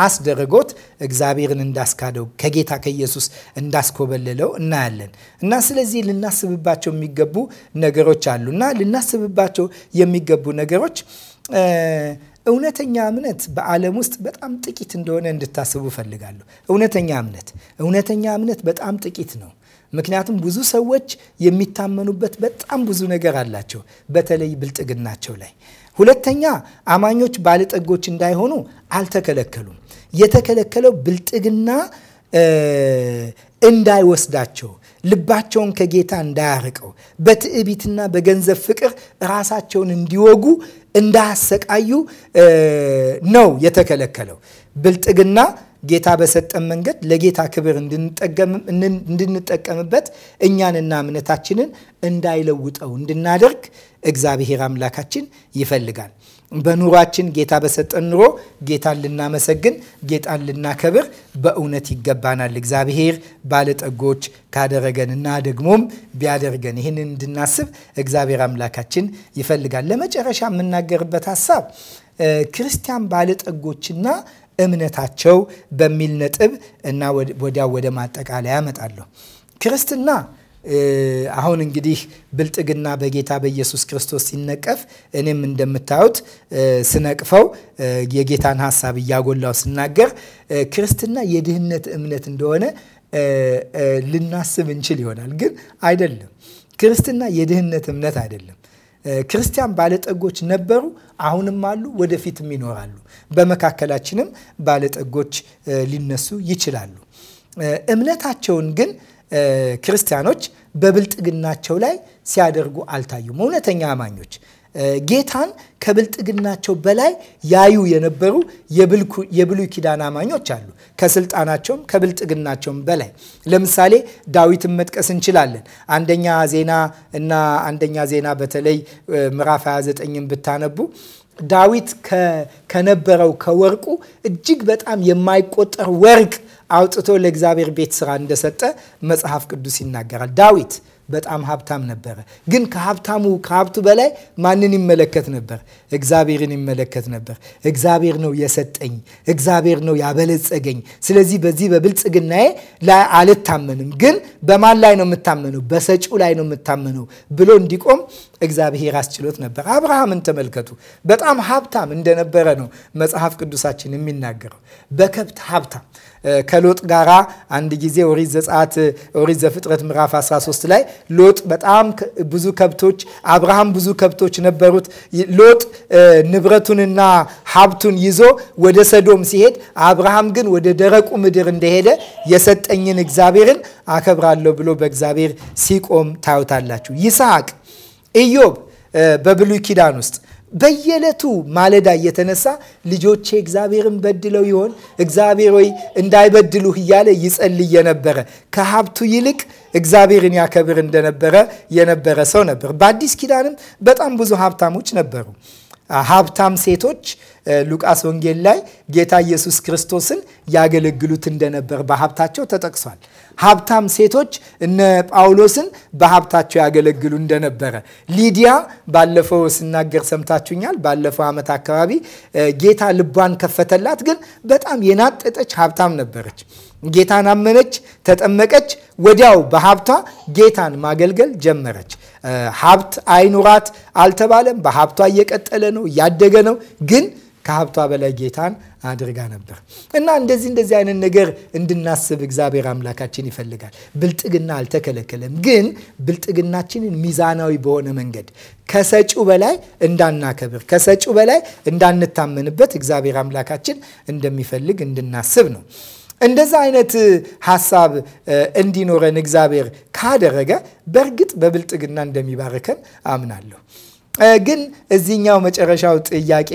አስደረጎት እግዚአብሔርን እንዳስካደው ከጌታ ከኢየሱስ እንዳስኮበለለው እናያለን እና ስለዚህ ልናስብባቸው የሚገቡ ነገሮች አሉ እና ልናስብባቸው የሚገቡ ነገሮች እውነተኛ እምነት በዓለም ውስጥ በጣም ጥቂት እንደሆነ እንድታስቡ ፈልጋለሁ። እውነተኛ እምነት እውነተኛ እምነት በጣም ጥቂት ነው። ምክንያቱም ብዙ ሰዎች የሚታመኑበት በጣም ብዙ ነገር አላቸው፣ በተለይ ብልጥግናቸው ላይ። ሁለተኛ አማኞች ባለጠጎች እንዳይሆኑ አልተከለከሉም። የተከለከለው ብልጥግና እንዳይወስዳቸው ልባቸውን ከጌታ እንዳያርቀው በትዕቢትና በገንዘብ ፍቅር ራሳቸውን እንዲወጉ እንዳያሰቃዩ ነው የተከለከለው። ብልጥግና ጌታ በሰጠን መንገድ ለጌታ ክብር እንድንጠቀምበት እኛንና እምነታችንን እንዳይለውጠው እንድናደርግ እግዚአብሔር አምላካችን ይፈልጋል። በኑሯችን ጌታ በሰጠን ኑሮ ጌታን ልናመሰግን፣ ጌታን ልናከብር በእውነት ይገባናል። እግዚአብሔር ባለጠጎች ካደረገን እና ደግሞም ቢያደርገን ይህንን እንድናስብ እግዚአብሔር አምላካችን ይፈልጋል። ለመጨረሻ የምናገርበት ሀሳብ ክርስቲያን ባለጠጎችና እምነታቸው በሚል ነጥብ እና ወዲያው ወደ ማጠቃለያ ያመጣለሁ ክርስትና አሁን እንግዲህ ብልጥግና በጌታ በኢየሱስ ክርስቶስ ሲነቀፍ እኔም እንደምታዩት ስነቅፈው የጌታን ሀሳብ እያጎላው ስናገር ክርስትና የድህነት እምነት እንደሆነ ልናስብ እንችል ይሆናል። ግን አይደለም። ክርስትና የድህነት እምነት አይደለም። ክርስቲያን ባለጠጎች ነበሩ፣ አሁንም አሉ፣ ወደፊትም ይኖራሉ። በመካከላችንም ባለጠጎች ሊነሱ ይችላሉ። እምነታቸውን ግን ክርስቲያኖች በብልጥግናቸው ላይ ሲያደርጉ አልታዩም። እውነተኛ አማኞች ጌታን ከብልጥግናቸው በላይ ያዩ የነበሩ የብሉይ ኪዳን አማኞች አሉ። ከስልጣናቸውም ከብልጥግናቸውም በላይ ለምሳሌ ዳዊትን መጥቀስ እንችላለን። አንደኛ ዜና እና አንደኛ ዜና በተለይ ምዕራፍ 29ን ብታነቡ ዳዊት ከነበረው ከወርቁ እጅግ በጣም የማይቆጠር ወርቅ አውጥቶ ለእግዚአብሔር ቤት ስራ እንደሰጠ መጽሐፍ ቅዱስ ይናገራል። ዳዊት በጣም ሀብታም ነበረ። ግን ከሀብታሙ ከሀብቱ በላይ ማንን ይመለከት ነበር? እግዚአብሔርን ይመለከት ነበር። እግዚአብሔር ነው የሰጠኝ፣ እግዚአብሔር ነው ያበለጸገኝ። ስለዚህ በዚህ በብልጽግናዬ ላይ አልታመንም፣ ግን በማን ላይ ነው የምታመነው? በሰጪው ላይ ነው የምታመነው ብሎ እንዲቆም እግዚአብሔር አስችሎት ነበር። አብርሃምን ተመልከቱ። በጣም ሀብታም እንደነበረ ነው መጽሐፍ ቅዱሳችን የሚናገረው። በከብት ሀብታም ከሎጥ ጋራ አንድ ጊዜ ኦሪት ዘጸአት ኦሪት ዘፍጥረት ምዕራፍ 13 ላይ ሎጥ በጣም ብዙ ከብቶች፣ አብርሃም ብዙ ከብቶች ነበሩት። ሎጥ ንብረቱንና ሀብቱን ይዞ ወደ ሰዶም ሲሄድ፣ አብርሃም ግን ወደ ደረቁ ምድር እንደሄደ የሰጠኝን እግዚአብሔርን አከብራለሁ ብሎ በእግዚአብሔር ሲቆም ታዩታላችሁ። ይስሐቅ ኢዮብ በብሉይ ኪዳን ውስጥ በየዕለቱ ማለዳ እየተነሳ ልጆቼ እግዚአብሔርን በድለው ይሆን እግዚአብሔር ወይ እንዳይበድሉህ እያለ ይጸልይ የነበረ ከሀብቱ ይልቅ እግዚአብሔርን ያከብር እንደነበረ የነበረ ሰው ነበር። በአዲስ ኪዳንም በጣም ብዙ ሀብታሞች ነበሩ። ሀብታም ሴቶች ሉቃስ ወንጌል ላይ ጌታ ኢየሱስ ክርስቶስን ያገለግሉት እንደነበር በሀብታቸው ተጠቅሷል። ሀብታም ሴቶች እነ ጳውሎስን በሀብታቸው ያገለግሉ እንደነበረ ሊዲያ ባለፈው ስናገር ሰምታችሁኛል። ባለፈው ዓመት አካባቢ ጌታ ልቧን ከፈተላት። ግን በጣም የናጠጠች ሀብታም ነበረች። ጌታን አመነች፣ ተጠመቀች። ወዲያው በሀብቷ ጌታን ማገልገል ጀመረች። ሀብት አይኑራት አልተባለም። በሀብቷ እየቀጠለ ነው፣ እያደገ ነው ግን ከሀብቷ በላይ ጌታን አድርጋ ነበር። እና እንደዚህ እንደዚህ አይነት ነገር እንድናስብ እግዚአብሔር አምላካችን ይፈልጋል። ብልጥግና አልተከለከለም፣ ግን ብልጥግናችንን ሚዛናዊ በሆነ መንገድ ከሰጪው በላይ እንዳናከብር፣ ከሰጪው በላይ እንዳንታመንበት እግዚአብሔር አምላካችን እንደሚፈልግ እንድናስብ ነው። እንደዛ አይነት ሀሳብ እንዲኖረን እግዚአብሔር ካደረገ በእርግጥ በብልጥግና እንደሚባርከን አምናለሁ። ግን እዚህኛው መጨረሻው ጥያቄ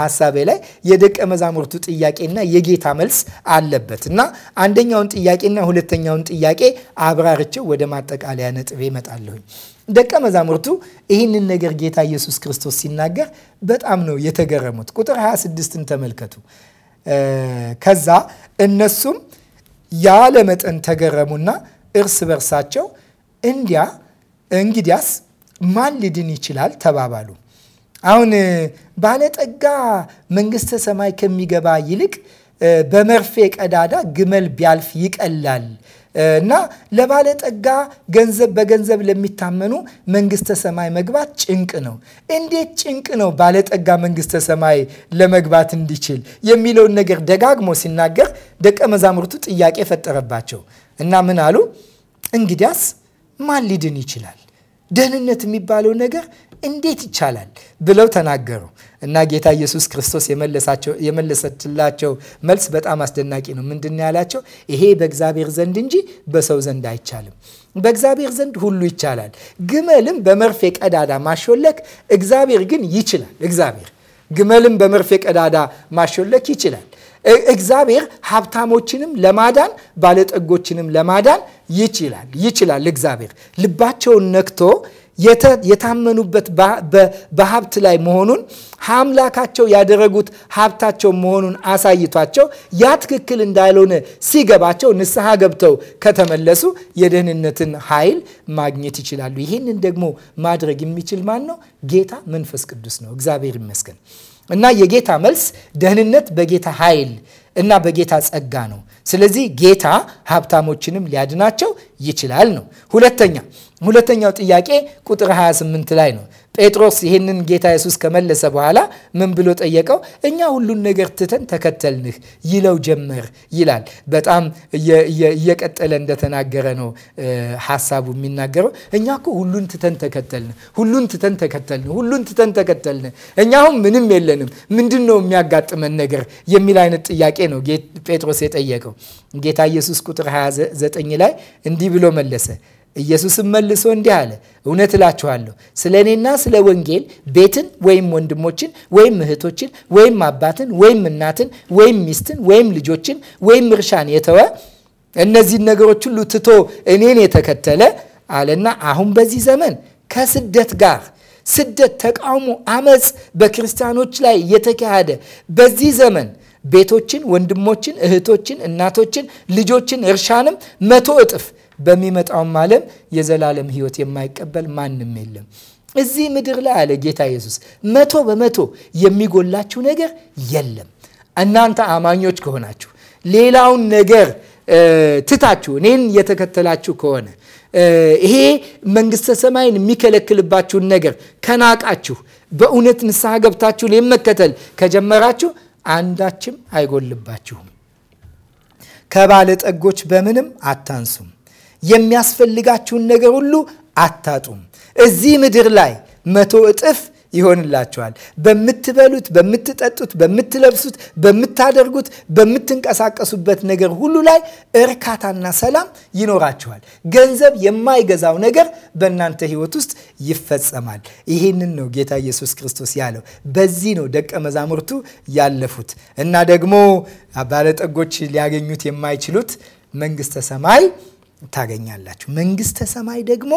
ሀሳቤ ላይ የደቀ መዛሙርቱ ጥያቄና የጌታ መልስ አለበት እና አንደኛውን ጥያቄና ሁለተኛውን ጥያቄ አብራርቸው ወደ ማጠቃለያ ነጥቤ ይመጣለሁኝ። ደቀ መዛሙርቱ ይህንን ነገር ጌታ ኢየሱስ ክርስቶስ ሲናገር በጣም ነው የተገረሙት። ቁጥር 26ን ተመልከቱ። ከዛ እነሱም ያለ መጠን ተገረሙና እርስ በርሳቸው እንዲያ እንግዲያስ ማን ሊድን ይችላል ተባባሉ። አሁን ባለጠጋ መንግስተ ሰማይ ከሚገባ ይልቅ በመርፌ ቀዳዳ ግመል ቢያልፍ ይቀላል እና ለባለጠጋ ገንዘብ በገንዘብ ለሚታመኑ መንግስተ ሰማይ መግባት ጭንቅ ነው። እንዴት ጭንቅ ነው ባለጠጋ መንግስተ ሰማይ ለመግባት እንዲችል የሚለውን ነገር ደጋግሞ ሲናገር ደቀ መዛሙርቱ ጥያቄ ፈጠረባቸው እና ምን አሉ? እንግዲያስ ማን ሊድን ይችላል? ደህንነት የሚባለው ነገር እንዴት ይቻላል ብለው ተናገሩ እና ጌታ ኢየሱስ ክርስቶስ የመለሰችላቸው መልስ በጣም አስደናቂ ነው። ምንድን ያላቸው? ይሄ በእግዚአብሔር ዘንድ እንጂ በሰው ዘንድ አይቻልም። በእግዚአብሔር ዘንድ ሁሉ ይቻላል። ግመልም በመርፌ ቀዳዳ ማሾለክ፣ እግዚአብሔር ግን ይችላል። እግዚአብሔር ግመልም በመርፌ ቀዳዳ ማሾለክ ይችላል። እግዚአብሔር ሀብታሞችንም ለማዳን ባለጠጎችንም ለማዳን ይችላል ይችላል። እግዚአብሔር ልባቸውን ነክቶ የታመኑበት በሀብት ላይ መሆኑን አምላካቸው ያደረጉት ሀብታቸው መሆኑን አሳይቷቸው ያ ትክክል እንዳልሆነ ሲገባቸው ንስሐ ገብተው ከተመለሱ የደህንነትን ኃይል ማግኘት ይችላሉ። ይህንን ደግሞ ማድረግ የሚችል ማን ነው? ጌታ መንፈስ ቅዱስ ነው። እግዚአብሔር ይመስገን። እና የጌታ መልስ ደህንነት በጌታ ኃይል እና በጌታ ጸጋ ነው። ስለዚህ ጌታ ሀብታሞችንም ሊያድናቸው ይችላል ነው። ሁለተኛ ሁለተኛው ጥያቄ ቁጥር 28 ላይ ነው ጴጥሮስ ይህንን ጌታ ኢየሱስ ከመለሰ በኋላ ምን ብሎ ጠየቀው? እኛ ሁሉን ነገር ትተን ተከተልንህ ይለው ጀመር ይላል። በጣም እየቀጠለ እንደተናገረ ነው ሀሳቡ የሚናገረው። እኛ እኮ ሁሉን ትተን ተከተልን፣ ሁሉን ትተን ተከተልን፣ ሁሉን ትተን ተከተልን። እኛ አሁን ምንም የለንም፣ ምንድን ነው የሚያጋጥመን ነገር የሚል አይነት ጥያቄ ነው ጴጥሮስ የጠየቀው። ጌታ ኢየሱስ ቁጥር 29 ላይ እንዲህ ብሎ መለሰ ኢየሱስም መልሶ እንዲህ አለ፣ እውነት እላችኋለሁ ስለ እኔና ስለ ወንጌል ቤትን ወይም ወንድሞችን ወይም እህቶችን ወይም አባትን ወይም እናትን ወይም ሚስትን ወይም ልጆችን ወይም እርሻን የተወ እነዚህን ነገሮች ሁሉ ትቶ እኔን የተከተለ አለና አሁን በዚህ ዘመን ከስደት ጋር ስደት፣ ተቃውሞ፣ አመፅ በክርስቲያኖች ላይ እየተካሄደ በዚህ ዘመን ቤቶችን፣ ወንድሞችን፣ እህቶችን፣ እናቶችን፣ ልጆችን፣ እርሻንም መቶ እጥፍ በሚመጣውም ዓለም የዘላለም ህይወት የማይቀበል ማንም የለም። እዚህ ምድር ላይ አለ ጌታ ኢየሱስ፣ መቶ በመቶ የሚጎላችሁ ነገር የለም። እናንተ አማኞች ከሆናችሁ ሌላውን ነገር ትታችሁ እኔን የተከተላችሁ ከሆነ ይሄ መንግስተ ሰማይን የሚከለክልባችሁን ነገር ከናቃችሁ በእውነት ንስሐ ገብታችሁ እኔን መከተል ከጀመራችሁ አንዳችም አይጎልባችሁም። ከባለጠጎች በምንም አታንሱም። የሚያስፈልጋችሁን ነገር ሁሉ አታጡም። እዚህ ምድር ላይ መቶ እጥፍ ይሆንላችኋል። በምትበሉት፣ በምትጠጡት፣ በምትለብሱት፣ በምታደርጉት፣ በምትንቀሳቀሱበት ነገር ሁሉ ላይ እርካታና ሰላም ይኖራችኋል። ገንዘብ የማይገዛው ነገር በእናንተ ሕይወት ውስጥ ይፈጸማል። ይህንን ነው ጌታ ኢየሱስ ክርስቶስ ያለው። በዚህ ነው ደቀ መዛሙርቱ ያለፉት እና ደግሞ ባለጠጎች ሊያገኙት የማይችሉት መንግስተ ሰማይ ታገኛላችሁ። መንግስተ ሰማይ ደግሞ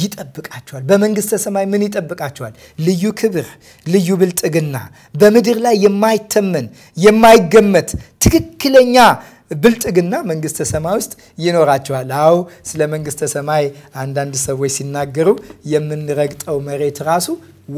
ይጠብቃቸዋል። በመንግስተ ሰማይ ምን ይጠብቃቸዋል? ልዩ ክብር፣ ልዩ ብልጥግና፣ በምድር ላይ የማይተመን የማይገመት ትክክለኛ ብልጥግና መንግስተ ሰማይ ውስጥ ይኖራቸዋል። አዎ ስለ መንግስተ ሰማይ አንዳንድ ሰዎች ሲናገሩ የምንረግጠው መሬት ራሱ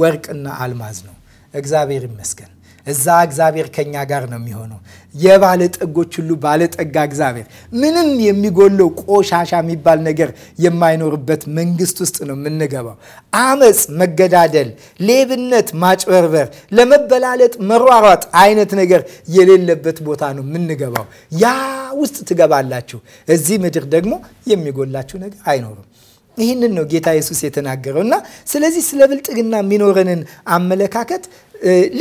ወርቅና አልማዝ ነው። እግዚአብሔር ይመስገን። እዛ እግዚአብሔር ከኛ ጋር ነው የሚሆነው። የባለ ጠጎች ሁሉ ባለጠጋ እግዚአብሔር ምንም የሚጎለው ቆሻሻ የሚባል ነገር የማይኖርበት መንግስት ውስጥ ነው የምንገባው። አመፅ፣ መገዳደል፣ ሌብነት፣ ማጭበርበር፣ ለመበላለጥ መሯሯጥ አይነት ነገር የሌለበት ቦታ ነው የምንገባው። ያ ውስጥ ትገባላችሁ። እዚህ ምድር ደግሞ የሚጎላችሁ ነገር አይኖርም። ይህንን ነው ጌታ ኢየሱስ የተናገረው እና ስለዚህ ስለ ብልጥግና የሚኖረንን አመለካከት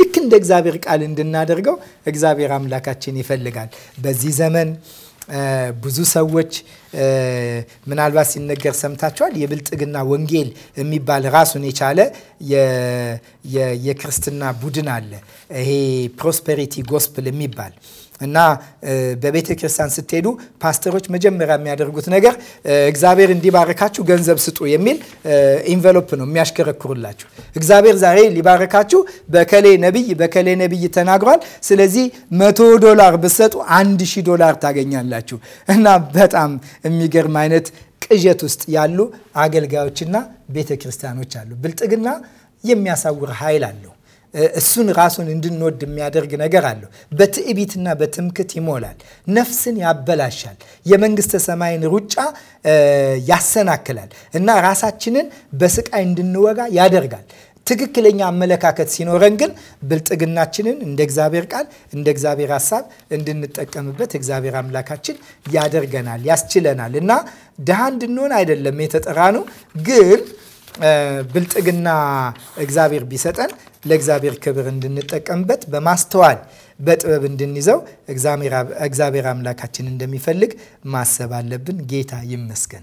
ልክ እንደ እግዚአብሔር ቃል እንድናደርገው እግዚአብሔር አምላካችን ይፈልጋል። በዚህ ዘመን ብዙ ሰዎች ምናልባት ሲነገር ሰምታችኋል። የብልጥግና ወንጌል የሚባል ራሱን የቻለ የክርስትና ቡድን አለ። ይሄ ፕሮስፐሪቲ ጎስፕል የሚባል እና በቤተ ክርስቲያን ስትሄዱ ፓስተሮች መጀመሪያ የሚያደርጉት ነገር እግዚአብሔር እንዲባረካችሁ ገንዘብ ስጡ የሚል ኢንቨሎፕ ነው የሚያሽከረክሩላችሁ። እግዚአብሔር ዛሬ ሊባረካችሁ በከሌ ነቢይ በከሌ ነቢይ ተናግሯል። ስለዚህ መቶ ዶላር ብትሰጡ አንድ ሺህ ዶላር ታገኛላችሁ። እና በጣም የሚገርም አይነት ቅዠት ውስጥ ያሉ አገልጋዮችና ቤተ ክርስቲያኖች አሉ። ብልጥግና የሚያሳውር ኃይል አለው። እሱን ራሱን እንድንወድ የሚያደርግ ነገር አለው። በትዕቢትና በትምክት ይሞላል፣ ነፍስን ያበላሻል፣ የመንግስተ ሰማይን ሩጫ ያሰናክላል እና ራሳችንን በስቃይ እንድንወጋ ያደርጋል። ትክክለኛ አመለካከት ሲኖረን ግን ብልጥግናችንን እንደ እግዚአብሔር ቃል እንደ እግዚአብሔር ሀሳብ እንድንጠቀምበት እግዚአብሔር አምላካችን ያደርገናል፣ ያስችለናል እና ድሃ እንድንሆን አይደለም የተጠራ ነው ግን ብልጥግና እግዚአብሔር ቢሰጠን ለእግዚአብሔር ክብር እንድንጠቀምበት በማስተዋል በጥበብ እንድንይዘው እግዚአብሔር አምላካችን እንደሚፈልግ ማሰብ አለብን። ጌታ ይመስገን።